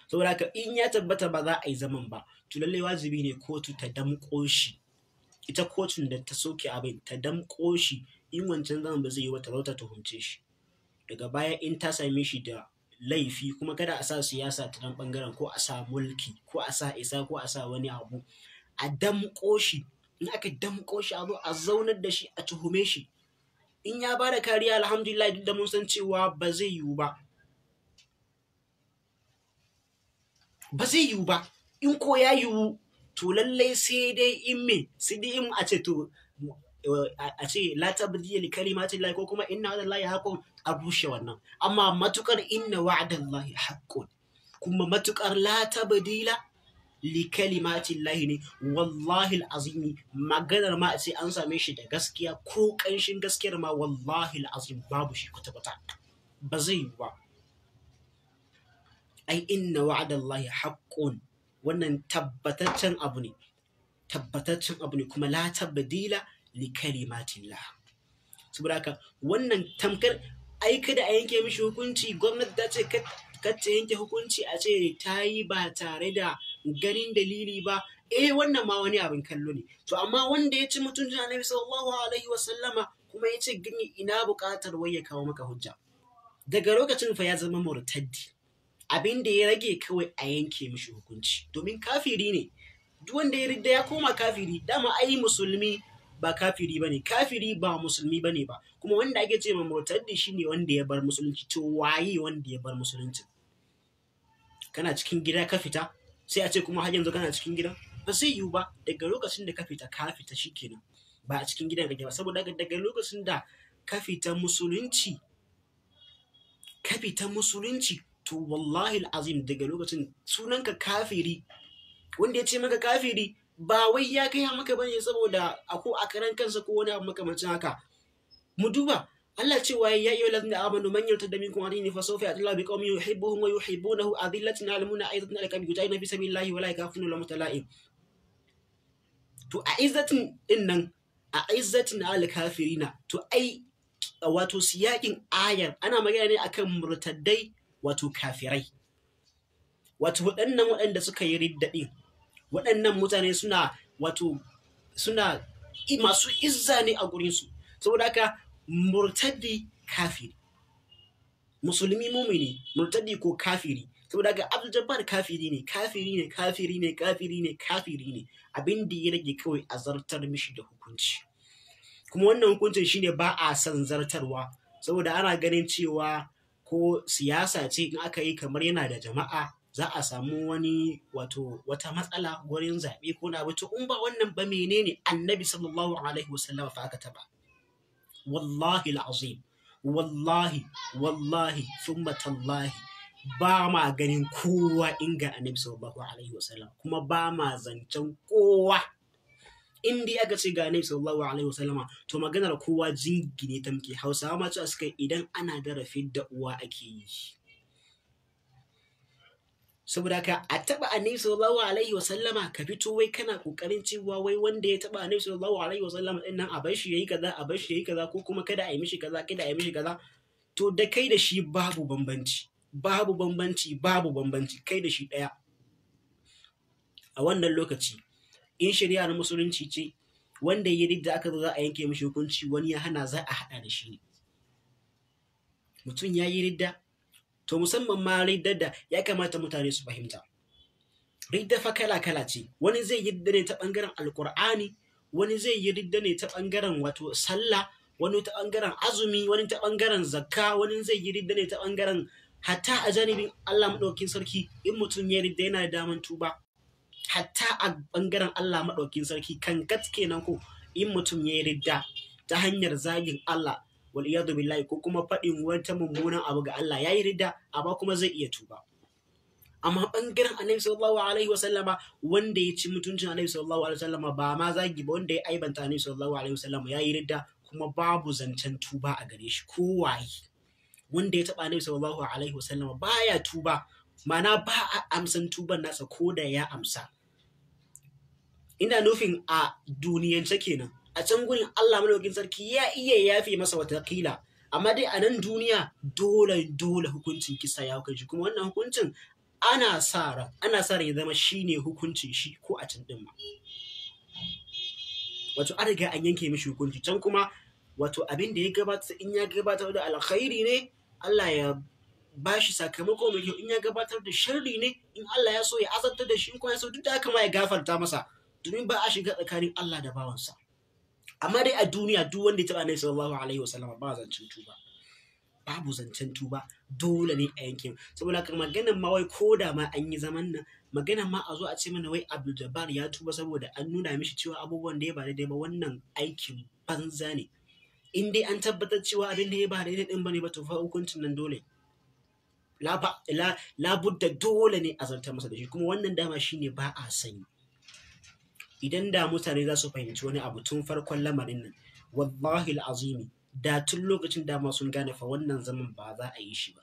saboda ka in ya tabbata ba za a yi zaman ba to lalle wajibi ne kotu ta damƙo shi ita kotun da ta soke abin ta damƙo shi in wancan zaman ba zai yi wata rauta tuhumce shi daga baya in ta same shi da laifi kuma kada a sa siyasa ta nan bangaren ko a sa mulki ko a sa isa ko a sa wani abu a damƙo shi in aka damƙo shi a zo a zaunar da shi a tuhume shi in ya ba da kariya alhamdulillah duk da mun san cewa ba zai yiwu ba ba zai yiwu ba in ko ya yiwu to lallai sai dai in me sai dai in a ce to a ce la tabdiya li kalimatin ko kuma inna wa'da lahi haqqun a rushe wannan amma matukar inna wa'da lahi haqqun kuma matukar la tabdila li lahi ne wallahi azimi maganar ma a an same shi da gaskiya ko ƙanshin gaskiyar ma wallahi azim babu shi kwata-kwata ba zai yi ba ai inna wa'adallahi haqqun wannan tabbataccen abu ne tabbataccen abu ne kuma la tabdila li kalimatillah saboda haka wannan tamkar ai kada a yanke mishi hukunci gwamnati ta ce ta yanke hukunci a ce ta yi ba tare da ganin dalili ba eh wannan ma wani abin kallo ne to amma wanda ya ci mutuncin annabi sallallahu alaihi sallama, kuma ya ce gini ina buƙatar wai ya kawo maka hujja daga lokacin fa ya zama murtaddi abin da ya rage kawai a yanke mishi hukunci domin kafiri ne duk wanda ya ridda ya koma kafiri dama ai musulmi ba kafiri bane kafiri ba musulmi bane ba kuma wanda ake ce ma murtaddi shine wanda ya bar musulunci to waye wanda ya bar musulunci kana cikin gida ka fita sai a ce kuma har yanzu kana cikin gida ba sai yiwu ba daga lokacin da ka fita ka fita shikenan ba a cikin gidan kake ba saboda daga lokacin da ka fita musulunci ka fita musulunci to wallahi azim daga lokacin sunanka kafiri wanda ya ce maka kafiri ba wai ya kai maka bane saboda ako a karan kansa ko wani abu makamancin haka mu duba Allah cewa ya yi lazina amanu man yartadda minkum an dinihi fasawfa ya'ti Allahu biqaumin yuhibbuhum wa a adillatin alamuna a muminina aidatin 'ala al-kafirina na fi sabilillahi wa la lamu ta tala'im to a izzatin din nan a izzatin 'ala al-kafirina to ai wato siyakin ayar ana magana ne akan murtaddai wato kafirai wato waɗannan waɗanda suka yi riddaɗi waɗannan mutane suna wato suna masu izza ne a gurinsu saboda haka murtaddi kafiri musulmi mumini murtaddi ko kafiri saboda ga abdul jabbar kafiri ne kafiri ne kafiri ne kafiri ne kafiri ne abin da ya rage kawai a zartar mishi da hukunci kuma wannan hukuncin shine ba a san zartarwa saboda ana ganin cewa ko siyasa ce in aka yi kamar yana da jama'a za a samu wani wato wata matsala gurin zaɓe ko na wata in ba wannan ba menene annabi sallallahu alaihi wasallam fa aka taba wallahi al'azim wallahi wallahi thumma tallahi ba ma ganin kowa inga annabi sallallahu alaihi wasallam kuma ba ma zancen kowa in dai aka ce ga annabi sallallahu alaihi wasallam to maganar kowa jingine ta muke hausawa ma cewa suka idan ana da da uwa ake yi saboda ka a taba annabi sallallahu alaihi wasallama ka fito wai kana kokarin cewa wai wanda ya taba annabi sallallahu alaihi wasallama din nan a bar shi yayi kaza a bar shi yayi kaza ko kuma kada a yi mishi kaza kada a yi mishi kaza to da kai da shi babu bambanci babu bambanci babu bambanci kai da shi daya a wannan lokaci in shari'a na musulunci ce wanda ya ridda aka zo za a yanke mishi hukunci wani ya hana za a hada da shi mutum ya yi ridda to musamman ma riddar da ya kamata mutane su fahimta ridda fa kala kala ce wani zai yi ridda ne ta bangaren alkur'ani wani zai yi ridda ne ta bangaren wato sallah wani ta bangaren azumi wani ta bangaren zakka wani zai yi ridda ne ta bangaren hatta a janibin Allah maɗaukin sarki in mutum ya ridda yana da daman tuba hatta a ɓangaren Allah Madaukin sarki kan kenan ko in mutum ya ridda ta hanyar zagin Allah wal iyadu billahi ko kuma faɗin wata mummunan abu ga Allah yayi ridda amma kuma zai iya tuba amma bangaren annabi sallallahu alaihi wasallama wanda ya ci mutuncin annabi sallallahu alaihi wasallama ba ma zagi ba wanda ya aibanta annabi sallallahu alaihi wasallama yayi ridda kuma babu zancen tuba a gare shi ko waye wanda ya taba annabi sallallahu alaihi wasallama baya tuba mana ba a amsan tuban nasa ko da ya amsa ina nufin a duniyance kenan a can gurin Allah malaukin sarki ya iya yafe masa wata kila amma dai a nan duniya dole dole hukuncin kisa ya shi kuma wannan hukuncin ana sa ran ana sa ran ya zama shine hukuncin shi ko a can din ma wato an riga an yanke mishi hukunci can kuma wato abin da ya gabata in ya gabatar da alkhairi ne Allah ya ba shi sakamako mai kyau in ya gabatar da sharri ne in Allah ya so ya azabtar da shi in kuma ya so duk da haka ma ya gafarta masa domin ba a shiga tsakanin Allah da bawansa amma dai a duniya duk wanda ya taba annabi sallallahu alaihi wasallam ba zancen tuba babu zancen tuba dole ne a yanke saboda kan maganan ma wai da ma an yi zaman nan maganan ma a zo a ce mana wai Abdul Jabbar ya tuba saboda an nuna mishi cewa abubuwan da ya ba daidai ba wannan aikin banza ne in dai an tabbatar cewa abin da ya ba daidai din bane ba to fa hukuncin nan dole La la labudda dole ne a zartar masa da shi kuma wannan dama shine ba a sani idan da mutane za su fahimci wani abu tun farkon lamarin nan wallahi azimi da tun lokacin dama sun gane fa wannan zaman ba za a yi shi ba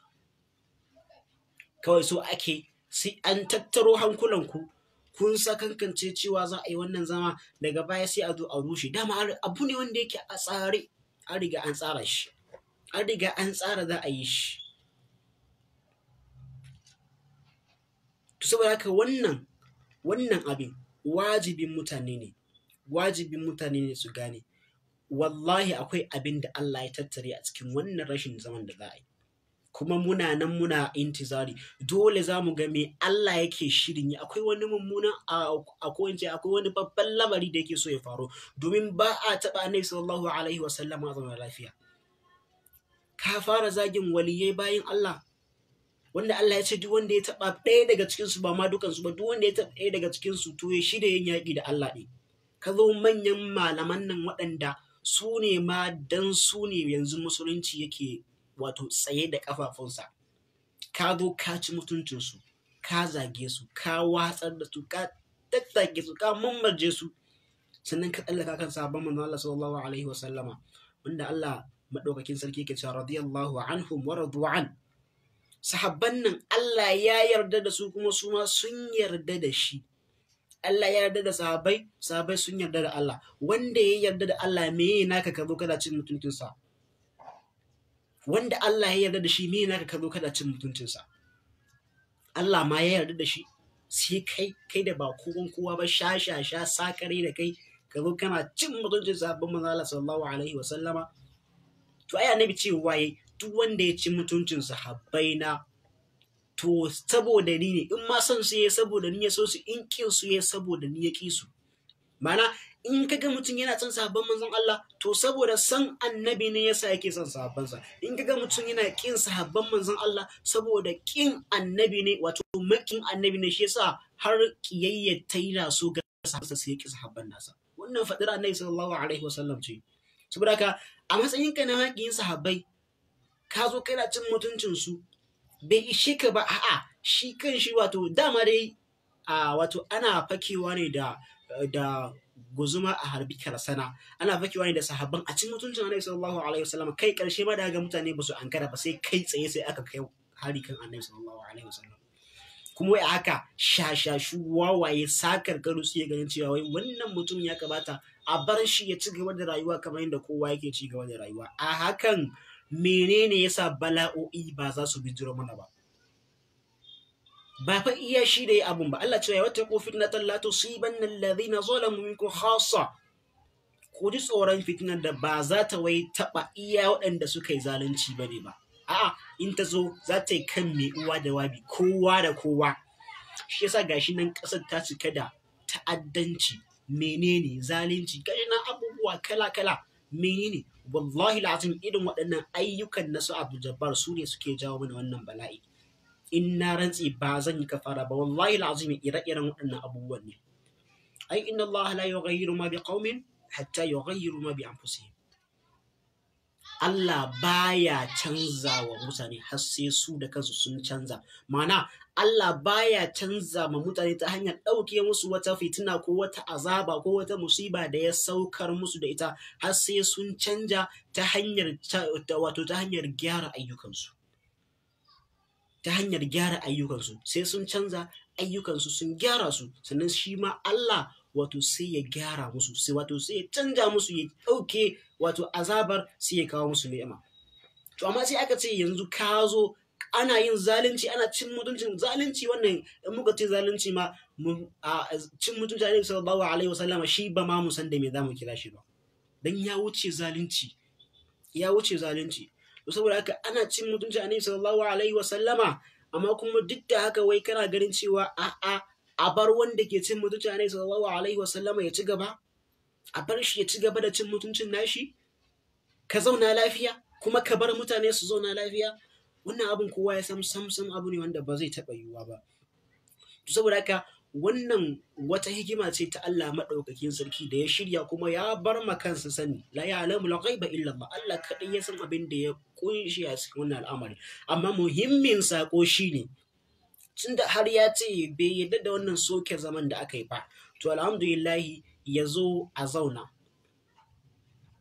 kawai so ake sai an tattaro hankulanku kun sa kankance cewa za a yi wannan zama daga baya sai a zo a rushe dama abu ne wanda yake a tsare an riga an tsara shi an riga an tsara za a yi shi to saboda haka wannan wannan abin wajibin mutane ne wajibin mutane ne su gane wallahi akwai abin da Allah ya tattare a cikin wannan rashin zaman da za a yi kuma muna nan muna intizari dole za mu ga me Allah yake shirin yi akwai wani mummunan akwai akwai wani babban lamari da yake so ya faru domin ba a taɓa annabi sallallahu alaihi wa a zaman lafiya ka fara zagin waliyai bayan Allah wanda Allah ya ce duk wanda ya taba ɗaya daga cikin su ba ma dukan su ba duk wanda ya taba ɗaya daga cikin su to ya shirya yin yaƙi da Allah ne ka zo manyan malaman nan waɗanda su ne ma dan su ne yanzu musulunci yake wato tsaye da kafafunsa ka zo ka ci mutuncin su ka zage su ka watsar da su ka tattake su ka mammarje su sannan ka tsallaka kan sabon manzon Allah sallallahu alaihi wa sallama wanda Allah madaukakin sarki yake cewa radiyallahu anhum wa radu an sahabban nan Allah ya yarda da su kuma su ma sun yarda da shi Allah ya yarda da sahabbai sahabbai sun yarda da Allah wanda ya yarda da Allah me yana ka kazo kada cin mutuntunsa wanda Allah ya yarda da shi me yana ka kazo kada cin mutuntunsa Allah ma ya yarda da shi sai kai kai da ba kowan kowa ba sha sha sha sakare da kai ka zo kana cin mutuncin sabbin manzo Allah sallallahu alaihi wa sallama to ai bi cewa waye duk wanda ya ci mutuncin sahabbai na to saboda ni ne in ma son su yayi saboda ni ya so su in kin su yayi saboda ni ya kisu mana in kaga mutum yana son sahabban manzon Allah to saboda san annabi ne yasa yake son sa in kaga mutum yana kin sahabban manzon Allah saboda kin annabi ne wato makin annabi ne shi yasa har kiyayya taila so ga sahabban sa yake sahabban nasa wannan fadira annabi sallallahu alaihi wasallam ce saboda haka a matsayin ka na makin sahabbai ka zo kana cin mutuncinsu bai ishe ka ba a'a shi kan shi wato dama dai a wato ana fakewa ne da da guzuma a harbi karsana ana fakewa ne da sahabban a cin mutuncin annabi sallallahu alaihi wasallam kai karshe ma daga mutane ba su ankara ba sai kai tsaye sai aka kai hari kan annabi sallallahu alaihi wasallam kuma wai haka shashashu wawaye sakar gano su ganin cewa wai wannan mutum ya kamata a bar shi ya ci gaba da rayuwa kamar yadda kowa yake ci gaba da rayuwa a hakan menene yasa bala'o'i ba za su bijiro mana ba ba fa iya shi da abun ba Allah cewa ya wata ko fitnatan la tusibanna alladhina zalamu minkum khassa ku ji tsoron fitnar da ba za ta wai taba iya waɗanda suka yi zalunci bane ba a'a in ta zo za ta yi kan mai uwa da wabi kowa da kowa shi yasa gashi nan ƙasar ta cika da ta'addanci menene zalunci gashi nan abubuwa kala kala menene wallahi lazim irin waɗannan ayyukan na su Abdul Jabbar su ne suke jawo mana wannan bala'i in na rantsi ba zan yi kafara ba wallahi lazim ire-iren waɗannan abubuwan ne ai inna Allah la yughayyiru ma biqaumin hatta yughayyiru ma bi anfusihim Allah baya canza wa mutane har sai su da kansu sun canza ma'ana Allah baya canza ma mutane ta hanyar ɗauke musu wata fitina ko wata azaba ko wata musiba da ya saukar musu da ita har sai sun canja ta hanyar wato ta hanyar gyara ayyukansu ta hanyar gyara ayyukansu sai sun canza ayyukansu sun gyara su sannan shi ma Allah wato sai ya gyara musu sai wato sai ya canja musu ya ɗauke wato azabar sai ya kawo musu ni'ima to amma sai aka ce yanzu ka zo ana yin zalunci ana cin mutuncin zalunci wannan in muka ce zalunci ma cin mutuncin annabi sallallahu alaihi wasallama shi ba ma mu san da me zamu kira shi ba dan ya wuce zalunci ya wuce zalunci to saboda haka ana cin mutuncin annabi sallallahu alaihi wasallama amma kuma duk da haka wai kana ganin cewa a'a a bar wanda ke cin mutunci ne sallallahu alaihi wasallama ya ci gaba a bar shi ya ci gaba da cin mutuncin nashi ka zauna lafiya kuma ka bar mutane su zauna lafiya wannan abin kowa ya sam sam sam abu ne wanda ba zai taba yiwuwa ba to saboda haka wannan wata hikima ce ta Allah maɗaukakin sarki da ya shirya kuma ya bar ma kansa sani la ya alamu la ghaiba illa ma? Allah kaɗai ya san abin da ya kunshi a cikin wannan al'amari amma muhimmin sako shine tunda har ya ce bai yadda da wannan soke zaman da aka yi ba to alhamdulillahi ya zo a zauna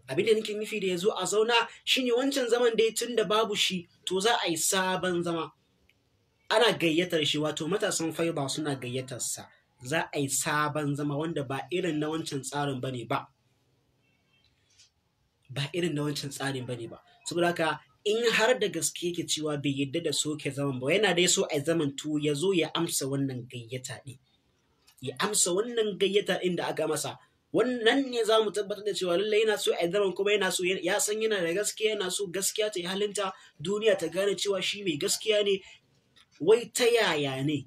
abin da nake nufi da ya zo a zauna shine wancan zaman dai tun da babu shi to za a yi sabon zama ana gayyatar shi wato matasan faiba suna gayyatar sa. za a yi sabon zama wanda ba irin na wancan tsarin bane ba ba irin na wancan tsarin bane ba saboda haka in har da gaske yake cewa bai yadda da soke zaman ba yana dai so a zaman tu ya zo ya amsa wannan gayyata ɗin ya amsa wannan gayyata ɗin da aka masa wannan ne za mu tabbatar da cewa lallai yana so a zaman kuma yana so ya san yana da gaskiya yana so gaskiya ta yi halinta duniya ta gane cewa shi mai gaskiya ne wai ta yaya ne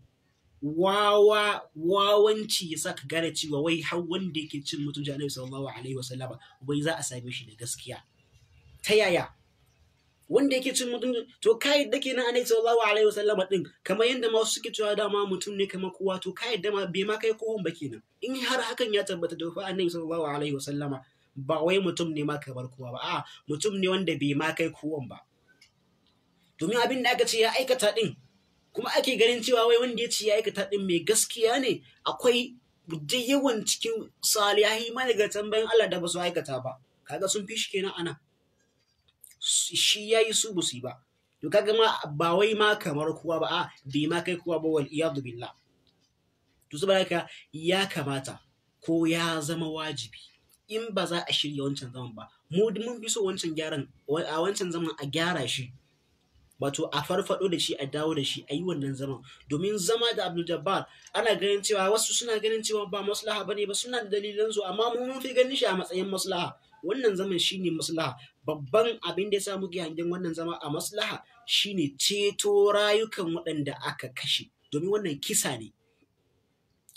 wawa wawanci ya saka gane cewa wai har wanda yake cin mutunci annabi sallallahu alaihi wasallama wai za a same shi da gaskiya ta yaya wanda yake cin mutum to kai da kenan annabi sallallahu alaihi wasallam din kamar yanda ma suke cewa dama mutum ne kamar kowa to kai da ma bai ma kai kohon ba kenan in har hakan ya tabbata to fa annabi sallallahu alaihi wasallama ba wai mutum ne ma kamar kowa ba a mutum ne wanda bai ma kai kohon ba domin abin da aka ce ya aikata din kuma ake ganin cewa wai wanda ya ce ya aikata din mai gaskiya ne akwai da yawan cikin salihai ma daga tambayin Allah da ba su aikata ba kaga sun fi shi kenan ana shi ya yi su busi ba to kaga ma ba wai ma kamar kowa ba a bai ma kai kowa ba wal iyadu billah to saboda haka ya kamata ko ya zama wajibi in ba za a shirya wancan zaman ba mu mun bi so wancan gyaran a wancan zaman a gyara shi wato a farfado da shi a dawo da shi a yi wannan zaman domin zama da Abdul Jabbar ana ganin cewa wasu suna ganin cewa ba maslaha bane ba suna da dalilan su amma mu mun fi ganin shi a matsayin maslaha wannan zaman shine maslaha babban abin da ya samu muke hangen wannan zama a maslaha shine ceto rayukan waɗanda aka kashe domin wannan kisa ne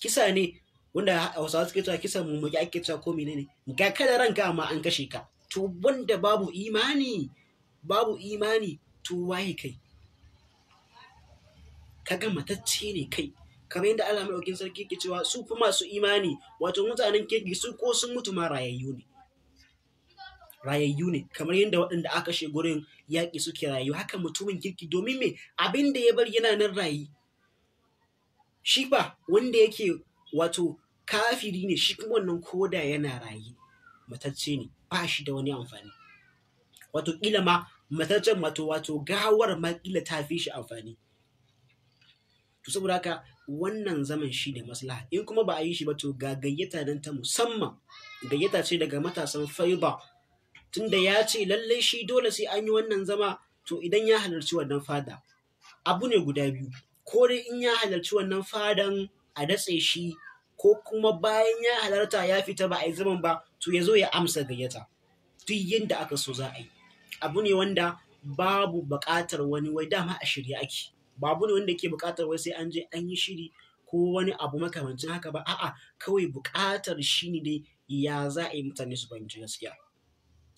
kisa ne wanda wasu suke cewa kisa mu mu ake cewa ko menene ga kada ranka amma an kashe ka to wanda babu imani babu imani to waye kai kaga matacce ne kai kamar yadda Allah madaukin sarki ke cewa su fi masu imani wato mutanen keke su ko sun mutu ma rayayyu ne rayayyu ne kamar yadda waɗanda aka shi gurin yaƙi suke rayu haka mutumin kirki domin me abin da ya bar yana nan rayi shi ba wanda yake wato kafiri ne shi kuma wannan koda yana rayi matacce ne ba shi da wani amfani wato ƙila ma mataccen wato wato gawar ma ƙila ta fi shi amfani to saboda haka wannan zaman shi ne maslaha in kuma ba a yi shi ba to ga gayyata nan ta musamman gayyata ce daga matasan faiba tunda ya ce lallai shi dole sai an yi wannan zama to idan ya halarci wannan fada abu ne guda biyu ko dai in ya halarci wannan fadan a datse shi ko kuma bayan ya halarta ya fita ba a yi zaman ba to ya zo ya amsa gayyata duk yadda aka so za a yi abu ne wanda babu buƙatar wani wai dama a shirya ake babu ne wanda ke buƙatar wai sai an je an yi shiri ko wani abu makamancin haka ba a'a kawai buƙatar shi ne dai ya za a yi mutane su fahimci gaskiya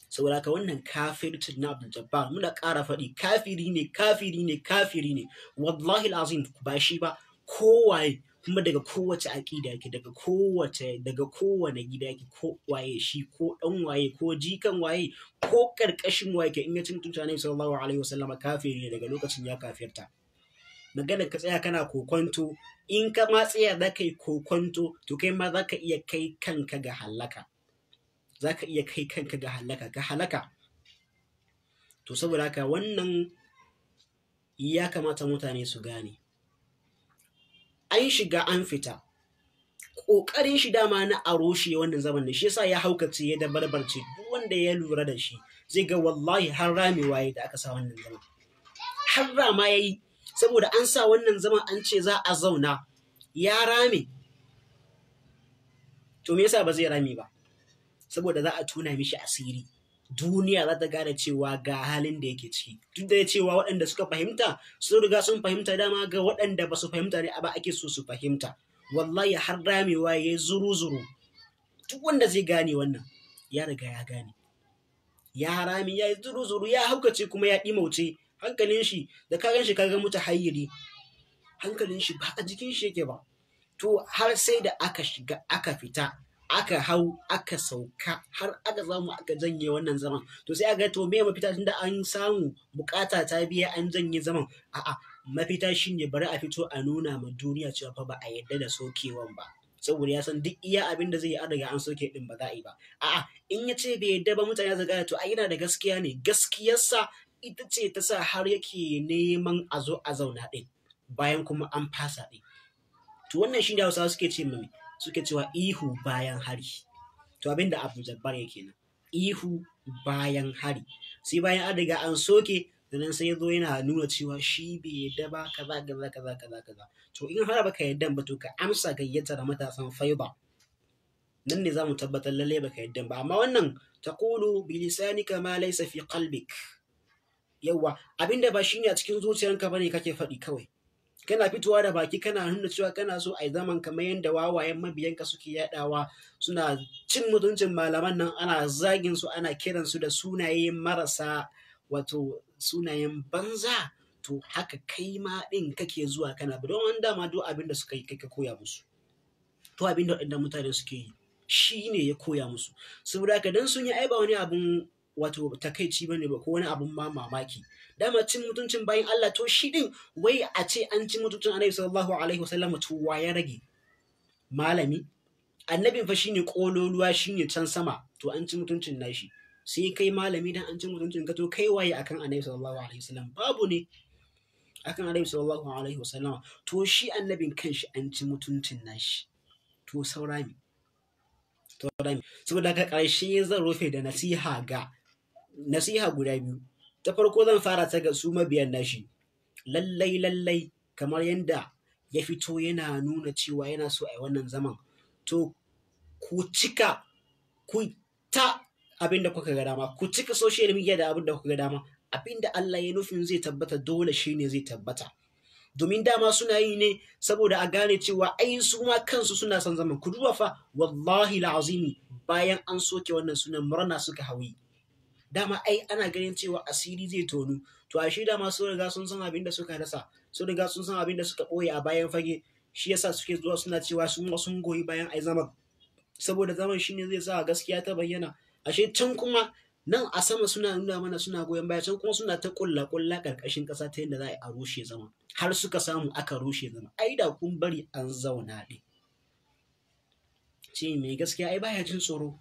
saboda haka wannan kafirci na Abdul muna kara faɗi kafiri ne kafiri ne kafiri ne wallahi azim ba shi ba kowaye kuma daga kowace aƙida yake daga kowace daga kowane gida yake ko waye shi ko ɗan waye ko jikan waye ko ƙarƙashin waye ke in ya cin tuta ne sallallahu alaihi wasallama kafiri ne daga lokacin ya kafirta magana ka tsaya kana kokonto in ka ma tsaya za ka kokonto to kai ma za ka iya kai kanka ga halaka za ka iya kai kanka ga halaka ga halaka to saboda haka wannan ya kamata mutane su gane an shiga an fita ƙoƙarin shi dama na aro shi wannan zaman da shi yasa ya haukace ya dabarbarce duk wanda ya lura da shi zai ga wallahi har rami waye da aka sa wannan zaman har rama ya yi saboda an sa wannan zaman an ce za a zauna ya rame to me yasa ba zai rame ba saboda za a tuna mishi asiri duniya za ta gane cewa ga halin da yake ciki duk da ya cewa waɗanda suka fahimta sun riga sun fahimta dama ga waɗanda ba su fahimta ne a ba ake so su fahimta wallahi har ramewa ya yi zuru zuru duk wanda zai gane wannan ya riga ya gane ya rami ya yi zuru zuru ya haukace kuma ya ɗimauce hankalin shi da kagan shi kaga mutu hayyiri hankalin shi ba a jikin shi yake ba to har sai da aka shiga aka fita aka hau aka sauka har aka samu aka janye wannan zaman to sai aga to me mafita tunda an samu bukata ta biya an janye zaman a'a mafita shine bari a fito a nuna ma duniya cewa fa ba a yadda da sokewan ba saboda ya san duk iya abin da zai yi adaga an soke din ba za a yi ba a'a in ya ce bai yadda ba mutane za to a yana da gaskiya ne gaskiyarsa ita ce ta sa har yake neman a zo a zauna din bayan kuma an fasa din to wannan shi da Hausawa suke ce mai suke cewa ihu bayan hari to abin da abu jabbar yake nan ihu bayan hari sai bayan an riga an soke sannan sai zo yana nuna cewa shi bai yadda ba kaza kaza kaza kaza kaza to in har baka yadda ba to ka amsa da matasan faiba nan ne zamu tabbatar lalle baka yadda ba amma wannan taqulu bi lisanika ma laysa fi qalbik yawa abinda ba shine a cikin zuciyarka bane kake faɗi kawai kana fitowa da baki kana nuna cewa kana so a zaman kamar yadda wawayen mabiyanka suke yadawa suna cin mutuncin malaman nan ana zagin su ana kiransu da sunaye marasa wato sunayen banza to haka kai ma din kake zuwa kana bi don wanda dama duk abin da suka yi kai ka koya musu to abin da mutane suke yi shi ne ya koya musu saboda haka dan sun yi aiba wani abun wato takaici bane ba ko wani abun mamaki dama cin mutuncin bayan Allah to shi din wai a ce an ci mutuncin annabi sallallahu alaihi wasallam to wa ya rage malami annabin fa shine kololuwa shine can sama to an ci mutuncin nashi sai kai malami dan an ci mutuncin ka to kai waye akan annabi sallallahu alaihi wasallam babu ne akan annabi sallallahu alaihi wasallam to shi annabin kanshi an ci mutuncin nashi to saura mi saboda haka karshe zan rufe da nasiha ga nasiha guda biyu ta farko zan fara ta ga su mabiyan nashi lallai lallai kamar yadda ya fito yana nuna cewa yana so a yi wannan zaman to ku cika ku ta abin da kuka ga dama ku cika social media da abin da kuka ga dama abin da Allah ya nufin zai tabbata dole shi ne zai tabbata domin dama suna yi ne saboda a gane cewa ai su ma kansu suna son zaman ku duba fa wallahi la'azimi bayan an soke wannan sunan murna suka hawi dama ai ana ganin cewa asiri zai tonu to ashe dama sun riga sun san abin da suka rasa sun riga sun san abin da suka ɓoye a bayan fage shi yasa suke zuwa suna cewa sun sun goyi bayan ai zaman saboda zaman shine zai sa gaskiya ta bayyana ashe can kuma nan a sama suna nuna mana suna goyon baya can kuma suna ta kulla kulla karkashin kasa ta yadda za a rushe zaman har suka samu aka rushe zaman ai da kun bari an zauna ne. ce mai gaskiya ai baya jin tsoro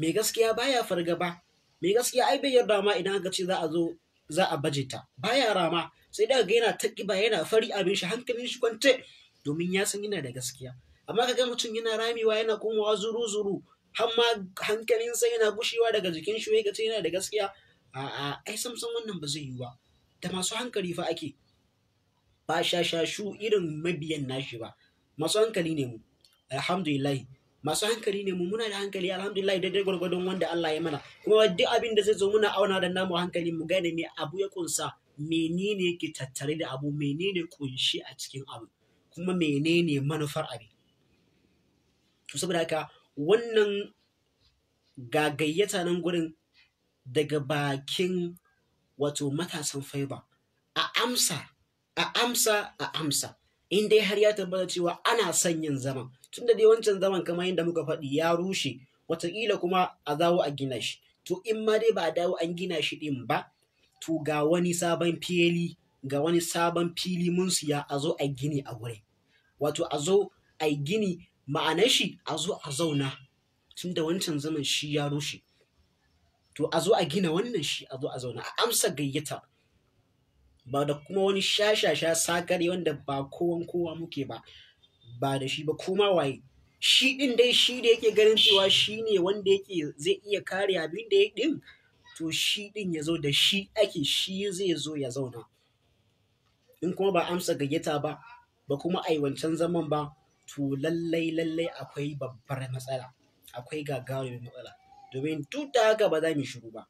mai gaskiya baya fargaba mai gaskiya ai bai yarda ma idan aka ce za a zo za a baje ta baya rama sai daga yana ta kiba yana fari abin shi hankalin shi kwance domin ya san yana da gaskiya amma ga mutum yana ramewa yana komawa zuru zuru har ma hankalin sa yana gushewa daga jikin shi ga ce yana da gaskiya a'a ai sam wannan ba zai yi ba da masu hankali fa ake ba shashashu irin mabiyan nashi ba masu hankali ne mu alhamdulillah masu hankali ne mu muna da hankali alhamdulillah daidai gwargwadon wanda Allah ya mana kuma duk abin da zai zo muna auna da namu hankali mu gane me abu ya kunsa menene ke tattare da abu menene kunshi a cikin abu kuma menene manufar abin to saboda haka wannan gagayyata nan gurin daga bakin wato matasan faiba a amsa a amsa a amsa in dai har ya tabbata cewa ana son yin zaman da dai wancan zaman kamar yadda muka faɗi ya rushe watakila kuma a zawo a gina shi to in ma dai ba a dawo an gina shi ɗin ba to ga wani sabon fili ga wani sabon fili mun siya a zo a gini a wurin wato a zo a gini ma'anar shi a zo a zauna Tun da wancan zaman shi ya rushe to a zo a gina wannan shi a zo a zauna a amsa gayyata ba da kuma wani shashasha sakare wanda ba kowan kowa muke ba ba da shi ba kuma waye shi din dai shi da yake ganin cewa shi ne wanda yake zai iya kare abin da ya din to shi din ya zo da shi ake shi zai zo ya zauna in kuma ba amsa gayyata ba ba kuma aiwancan zaman ba to lallai lallai akwai babbar matsala akwai gagarumin matsala domin duk da haka ba za mu shiru ba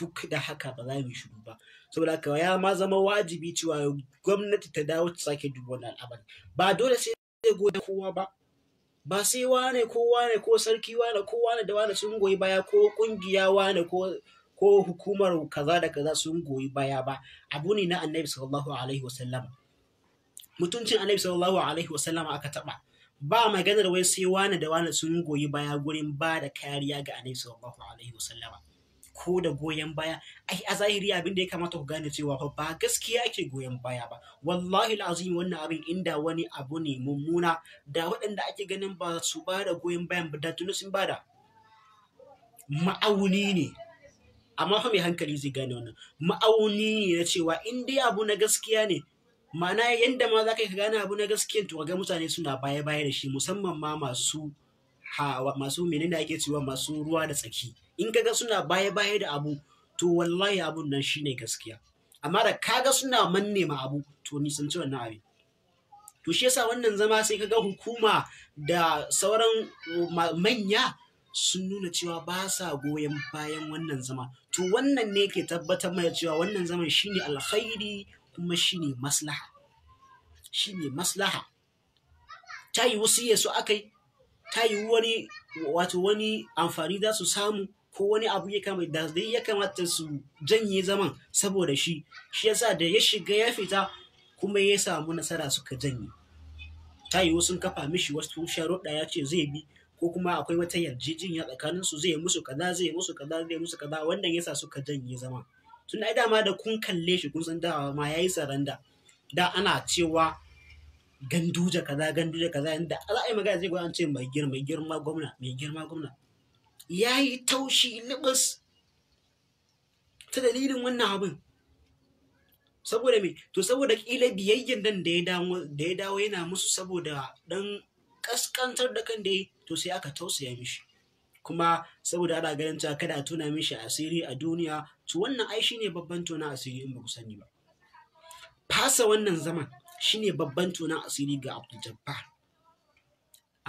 duk da haka ba za mu shiru ba saboda haka ya ma zama wajibi cewa gwamnati ta dawo ta sake duba wannan al'amari ba dole sai zai goyi kowa ba ba sai wane ko wane ko sarki wane ko wane da wane sun goyi baya ko kungiya wane ko ko hukumar kaza da kaza sun goyi baya ba abu ne na annabi sallallahu alaihi wasallam mutuncin annabi sallallahu alaihi wasallam aka taba ba maganar wai sai wane da wane sun goyi baya gurin ba da kariya ga annabi sallallahu alaihi wasallam ko da goyon baya ai a zahiri abin da ya kamata ku gane cewa fa ba gaskiya ake goyon baya ba wallahi alazim wannan abin inda wani abu ne mummuna da waɗanda ake ganin ba su ba da goyon bayan ba da tunu sun bada ma'auni ne amma fa mai hankali zai gane wannan ma'auni ne na cewa in dai abu na gaskiya ne ma'ana yadda ma za ka gane abu na gaskiya to ga mutane suna baya baya da shi musamman ma masu hawa, masu menene ake cewa masu ruwa da tsaki in kaga suna baya baya da abu to wallahi abun nan shine gaskiya amma da kaga suna manne ma abu to ni ci wannan abin to shi yasa wannan zama sai kaga hukuma da sauran manya sun nuna cewa ba sa goyon bayan wannan zama to wannan ne ke tabbatar mana cewa wannan zaman shine alkhairi kuma shine maslaha shine maslaha ta yi wasu su akai ta yi wani wato wani amfani da su samu ko wani abu ya kama da zai ya kamata su janye zaman saboda shi shi yasa da ya shiga ya fita kuma ya samu nasara suka janye ta yiwu sun kafa mishi wasu sharuɗa ya ce zai bi ko kuma akwai wata yarjejeniya tsakanin su zai musu kaza zai musu kaza zai musu kaza wannan yasa suka janye zaman tun ai dama da kun kalle shi kun san dawa ma yayi saranda da ana cewa ganduja kaza ganduja kaza inda za a yi magana zai an ce mai girma girma gwamna mai girma gwamna ya yi taushi libas ta dalilin wannan abin saboda me to saboda kila biyayyen dan da ya dawo yana musu saboda dan kaskantar da kan da yi to sai aka tausaya mishi kuma saboda ana ganin cewa kada a tuna mishi asiri a duniya to wannan ai shine babban tona asiri in ba ku sani ba fasa wannan zaman shine babban tona asiri ga Abdul Jabbar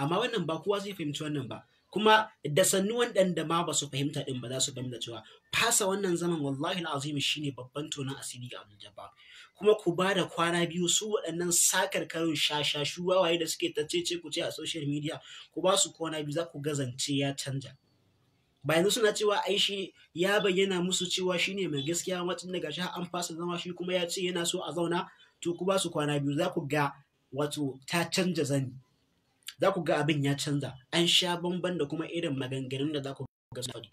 amma wannan ba kowa zai fahimci wannan ba kuma da sannu waɗanda ma ba su fahimta ɗin ba za su fahimta cewa fasa wannan zaman wallahi shi ne babban tonon asiri ga Abdul Jabbar kuma ku ba da kwana biyu su waɗannan sakar karin shashashu wawaye da suke ta-cece ku ce a social media ku ba su kwana biyu za ku gazance ya canja ba yanzu suna cewa ai shi ya bayyana musu cewa shine mai gaskiya wacin daga shi an fasa zama shi kuma ya ce yana so a zauna to ku ba su kwana biyu za ku ga wato ta canja zani za ku ga abin ya canza an sha bamban da kuma irin maganganun da za ku ga su faɗi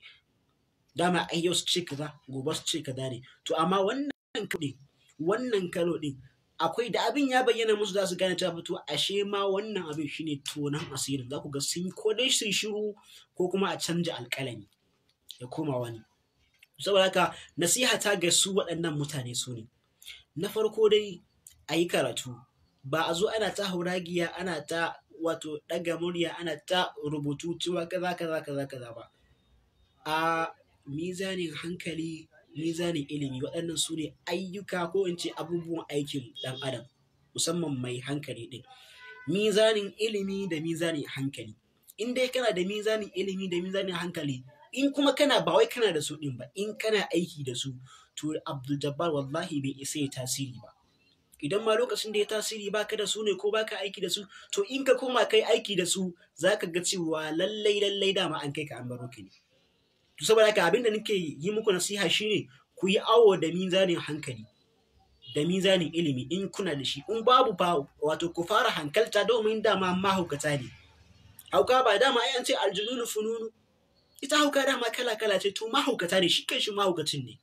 dama ai yau su ce kaza gobe su ce kaza ne to amma wannan karo wannan karo din akwai da abin ya bayyana musu za su gane ta fito ashe ma wannan abin shine tonan asirin za ku ga sun ko dai sun shiru ko kuma a canja alƙalami ya koma wani saboda haka nasiha ta ga su waɗannan mutane su ne na farko dai a yi karatu ba a zo ana ta hauragiya ana ta wato ɗaga murya ana ta rubutu cewa kaza kaza kaza kaza ba a mizanin hankali mizanin ilimi waɗannan su ne ayyuka ko in ce abubuwan aikin ɗan adam musamman mai hankali ɗin mizanin ilimi da mizanin hankali in dai kana da mizanin ilimi da mizanin hankali in kuma kana ba wai kana da su ɗin ba in kana aiki da su to abdul jabbar wallahi bai isa ya tasiri ba idan ma lokacin da ya tasiri baka da su ne ko baka aiki da su to in ka koma kai aiki da su zaka ga cewa lallai lallai dama an kai ka an baro ki ne to saboda haka abin da nake yi muku nasiha shine ku yi awo da mizanin hankali da mizanin ilimi in kuna da shi in babu fa wato ku fara hankalta domin dama mahaukata ne hauka ba dama ai an ce aljununu fununu ita hauka dama kala kala ce to mahaukata ne shi kan shi mahaukacin ne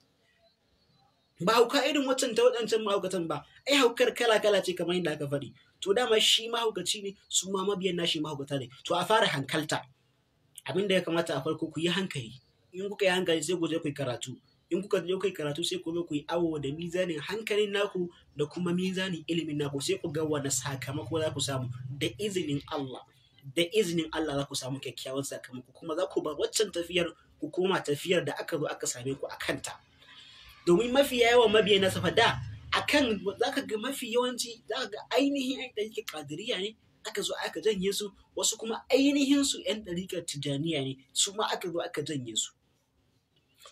ba hauka irin wancan ta waɗancan mahaukatan ba ai haukar kala kala ce kamar yadda aka faɗi to dama shi mahaukaci ne su ma mabiyan nashi mahaukata ne to a fara hankalta abin da ya kamata a farko ku yi hankali in kuka yi hankali sai ku je ku yi karatu in kuka je ku yi karatu sai ku zo ku yi awo da mizanin hankalin naku da kuma mizanin ilimin naku sai ku ga wani sakamako za ku samu da izinin Allah da izinin Allah za ku samu kyakkyawan sakamako kuma za ku bar waccan tafiyar ku koma tafiyar da aka zo aka same ku a kanta. domin mafi yawan mabiya na safa da akan zaka ga mafi yawanci zaka ga ainihin yan ɗariƙa ƙadiriya ne aka zo aka janye su wasu kuma ainihin su yan ɗariƙa tijaniya ne su ma aka zo aka janye su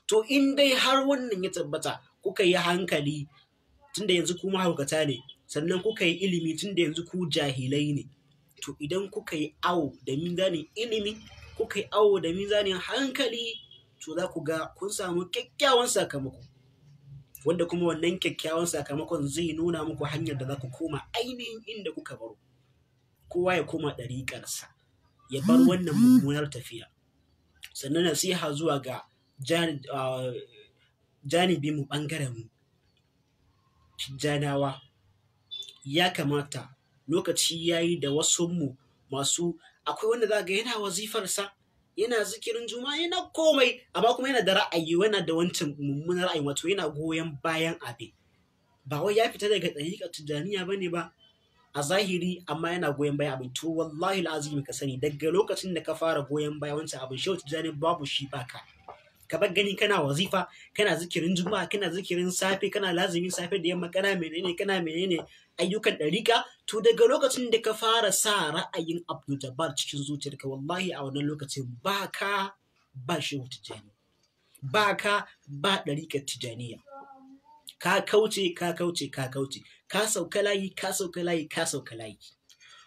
to in dai har wannan ya tabbata kuka yi hankali tunda yanzu kuma haukata ne sannan kuka yi ilimi tunda yanzu ku jahilai ne to idan kuka yi awo da mizanin ilimi kuka yi awo da mizanin hankali to za ku ga kun samu kyakkyawan sakamako wanda kuma wannan kyakkyawan sakamakon zai nuna muku hanyar da za ku koma ainihin inda kuka baro kowa ya koma ɗariƙarsa ya bar wannan mummunar tafiya sannan nasiha zuwa ga janibi mu ɓangaren mu janawa ya kamata lokaci ya yi da wasu mu masu akwai wanda za ga yana wazifarsa yana zikirin juma'a yana komai amma kuma yana da ra'ayi yana da wancan mummunan ra'ayi wato yana goyon bayan abin ba wai ya fita daga ɗariƙa tijjaniya ba ne ba a zahiri amma yana goyon bayan abin to wallahi la'azimi ka sani daga lokacin da ka fara goyon bayan wancan abin shi tijjani babu shi baka ka gani kana wazifa kana zikirin juma'a kana zikirin safe kana lazimin safe da yamma kana menene kana menene ayyukan dariƙa. to daga lokacin da ka fara sa ra'ayin Abdul cikin zuciyarka wallahi a wannan lokacin ba ka ba shi tijani ba ka ba dariƙa Tijaniya? ka kauce ka kauce ka kauce ka sauka layi ka sauka layi ka sauka layi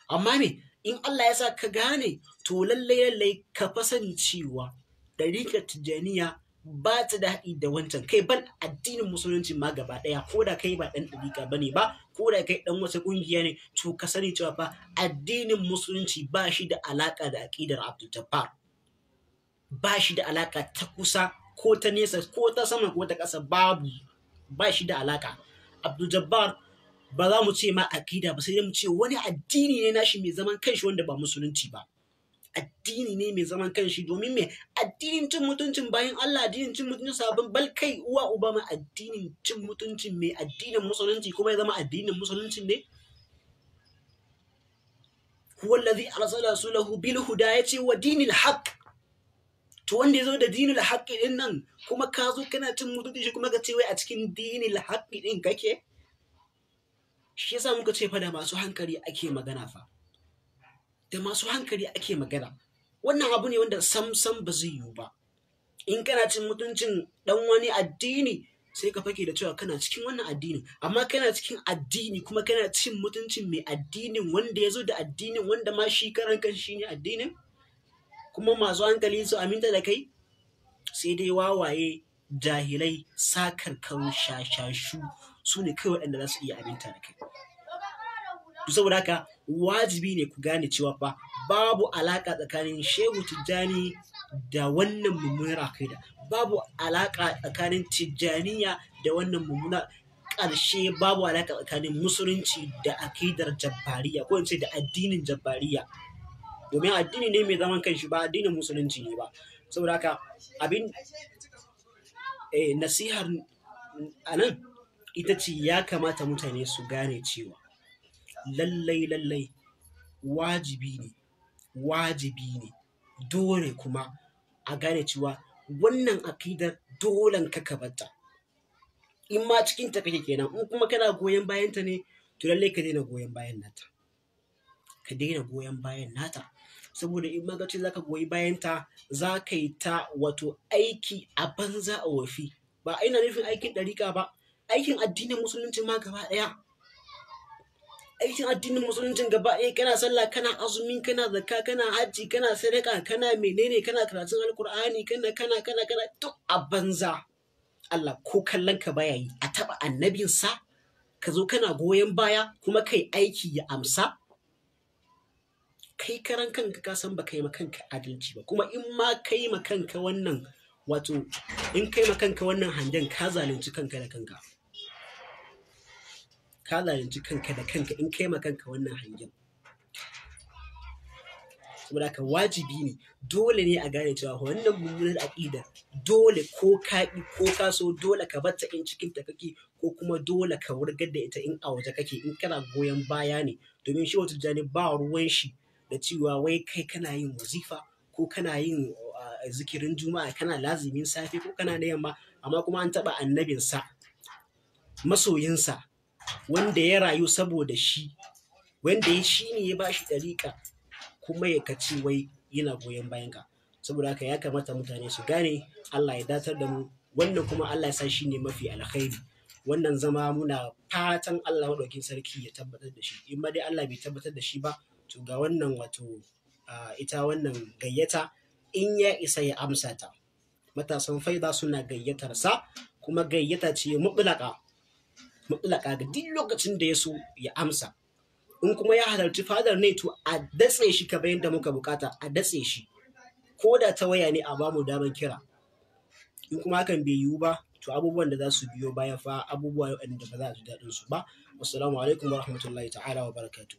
amma me in Allah ya sa ka gane to lallai lallai ka fa sani cewa ɗariƙar tijjaniya ba ta da haɗi da wancan kai Ban addinin musulunci ma gaba ɗaya ko da kai ba ɗan ɗariƙa ba ne ba ko da kai ɗan wata ƙungiya ne to ka sani cewa fa addinin musulunci ba shi da alaƙa da aƙidar abdul ba shi da alaƙa ta kusa ko ta nesa ko ta sama ko ta ƙasa babu ba shi da alaƙa abdul jabbar ba za mu ce ma aƙida ba sai mu ce wani addini ne nashi mai zaman kanshi wanda ba musulunci ba addini ne mai zaman kanshi domin me addinin cin mutuncin bayan Allah addinin cin mutuncin sabon balkai uwa uba ma addinin cin mutuncin mai addinin musulunci kuma ya zama addinin musulunci ne huwa allazi arsala rasulahu bil huda yace wa dinil haqq to wanda yazo da dinil haqqi din nan kuma ka zo kana cin mutuncin shi kuma ka ce wai a cikin dinil haqqi din kake shi yasa muka ce fa da masu hankali ake magana fa da masu hankali ake magana wannan abu ne wanda sam sam ba zai yiwu ba in kana cin mutuncin dan wani addini sai ka fake da cewa kana cikin wannan addinin amma kana cikin addini kuma kana cin mutuncin mai addinin wanda ya zo da addinin wanda ma shi karan kan shi ne addinin kuma masu hankali su aminta da kai sai dai wawaye jahilai sakar kan shashashu su ne kai waɗanda za su iya aminta da kai to saboda haka wajibi ne ku gane cewa fa babu alaka tsakanin shehu tijjani da wannan mummunar akaida babu alaka tsakanin tijjaniya da wannan mummunar ƙarshe babu alaka tsakanin musulunci da akidar jabbariya ko ce da addinin jabbariya domin addini ne mai zaman kanshi ba addinin musulunci ne ba saboda haka abin eh, nasihar anan ita ce ya kamata mutane su gane cewa lallai lallai wajibi ne wajibi ne dole kuma a gane cewa wannan akidar dole ka kabata in ma cikin ta kake kenan in kuma kana goyon bayan ta ne to lallai ka daina goyon bayan nata ka daina goyon bayan nata saboda in ma ka ce zaka goyi bayan ta za ka yi ta wato aiki a banza a wafi ba ina nufin aikin dariƙa ba aikin addinin musulunci ma gaba ɗaya aikin addinin musuluncin gaba ɗaya kana sallah kana azumi kana zakka kana hajji kana sadaka kana menene kana karatun alkur'ani kana kana kana kana duk a banza Allah ko kallon ka baya yi a taba sa, ka zo kana goyon baya kuma kai aiki ya amsa kai karan kanka ka san baka yi ma kanka adalci ba kuma in ma kai ma kanka wannan wato in kai ma kanka wannan hangen ka zalunci kanka da kanka ka zalunci kanka da kanka in kai ma kanka wannan hangen saboda ka wajibi ne dole ne a gane cewa wannan mummunar aƙida dole ko ka ko ka dole ka batta in cikin ta kake ko kuma dole ka wurgar da ita in a waje kake in kana goyon baya ne domin shi wata jani ba ruwan shi da cewa wai kai kana yin wazifa ko kana yin ah, zikirin juma'a kana lazimin safe ko kana na yamma amma kuma an taɓa annabinsa masoyinsa wanda ya rayu saboda shi wanda ya shi ne ya ba shi ɗariƙa kuma ya kaci wai yana goyon bayan ka saboda haka ya kamata mutane su gane Allah ya datar da mu wannan kuma Allah ya sa shi ne mafi alkhairi wannan zama muna fatan Allah maɗaukin sarki ya tabbatar da shi in ma dai Allah bai tabbatar da shi ba to ga wannan wato ita wannan gayyata in ya isa ya amsa ta matasan faida suna gayyatar sa kuma gayyata ce mutlaka mutlaka ga duk lokacin da ya so ya amsa in kuma ya halarci fadar ne to a datse shi kamar yadda muka bukata a datse shi ko da ta waya ne a ba mu damar kira in kuma hakan bai yiwu ba to abubuwan da za su biyo baya fa abubuwa waɗanda ba za su daɗin su ba wasu alaikum rahmatullahi ta'ala wa barakatuh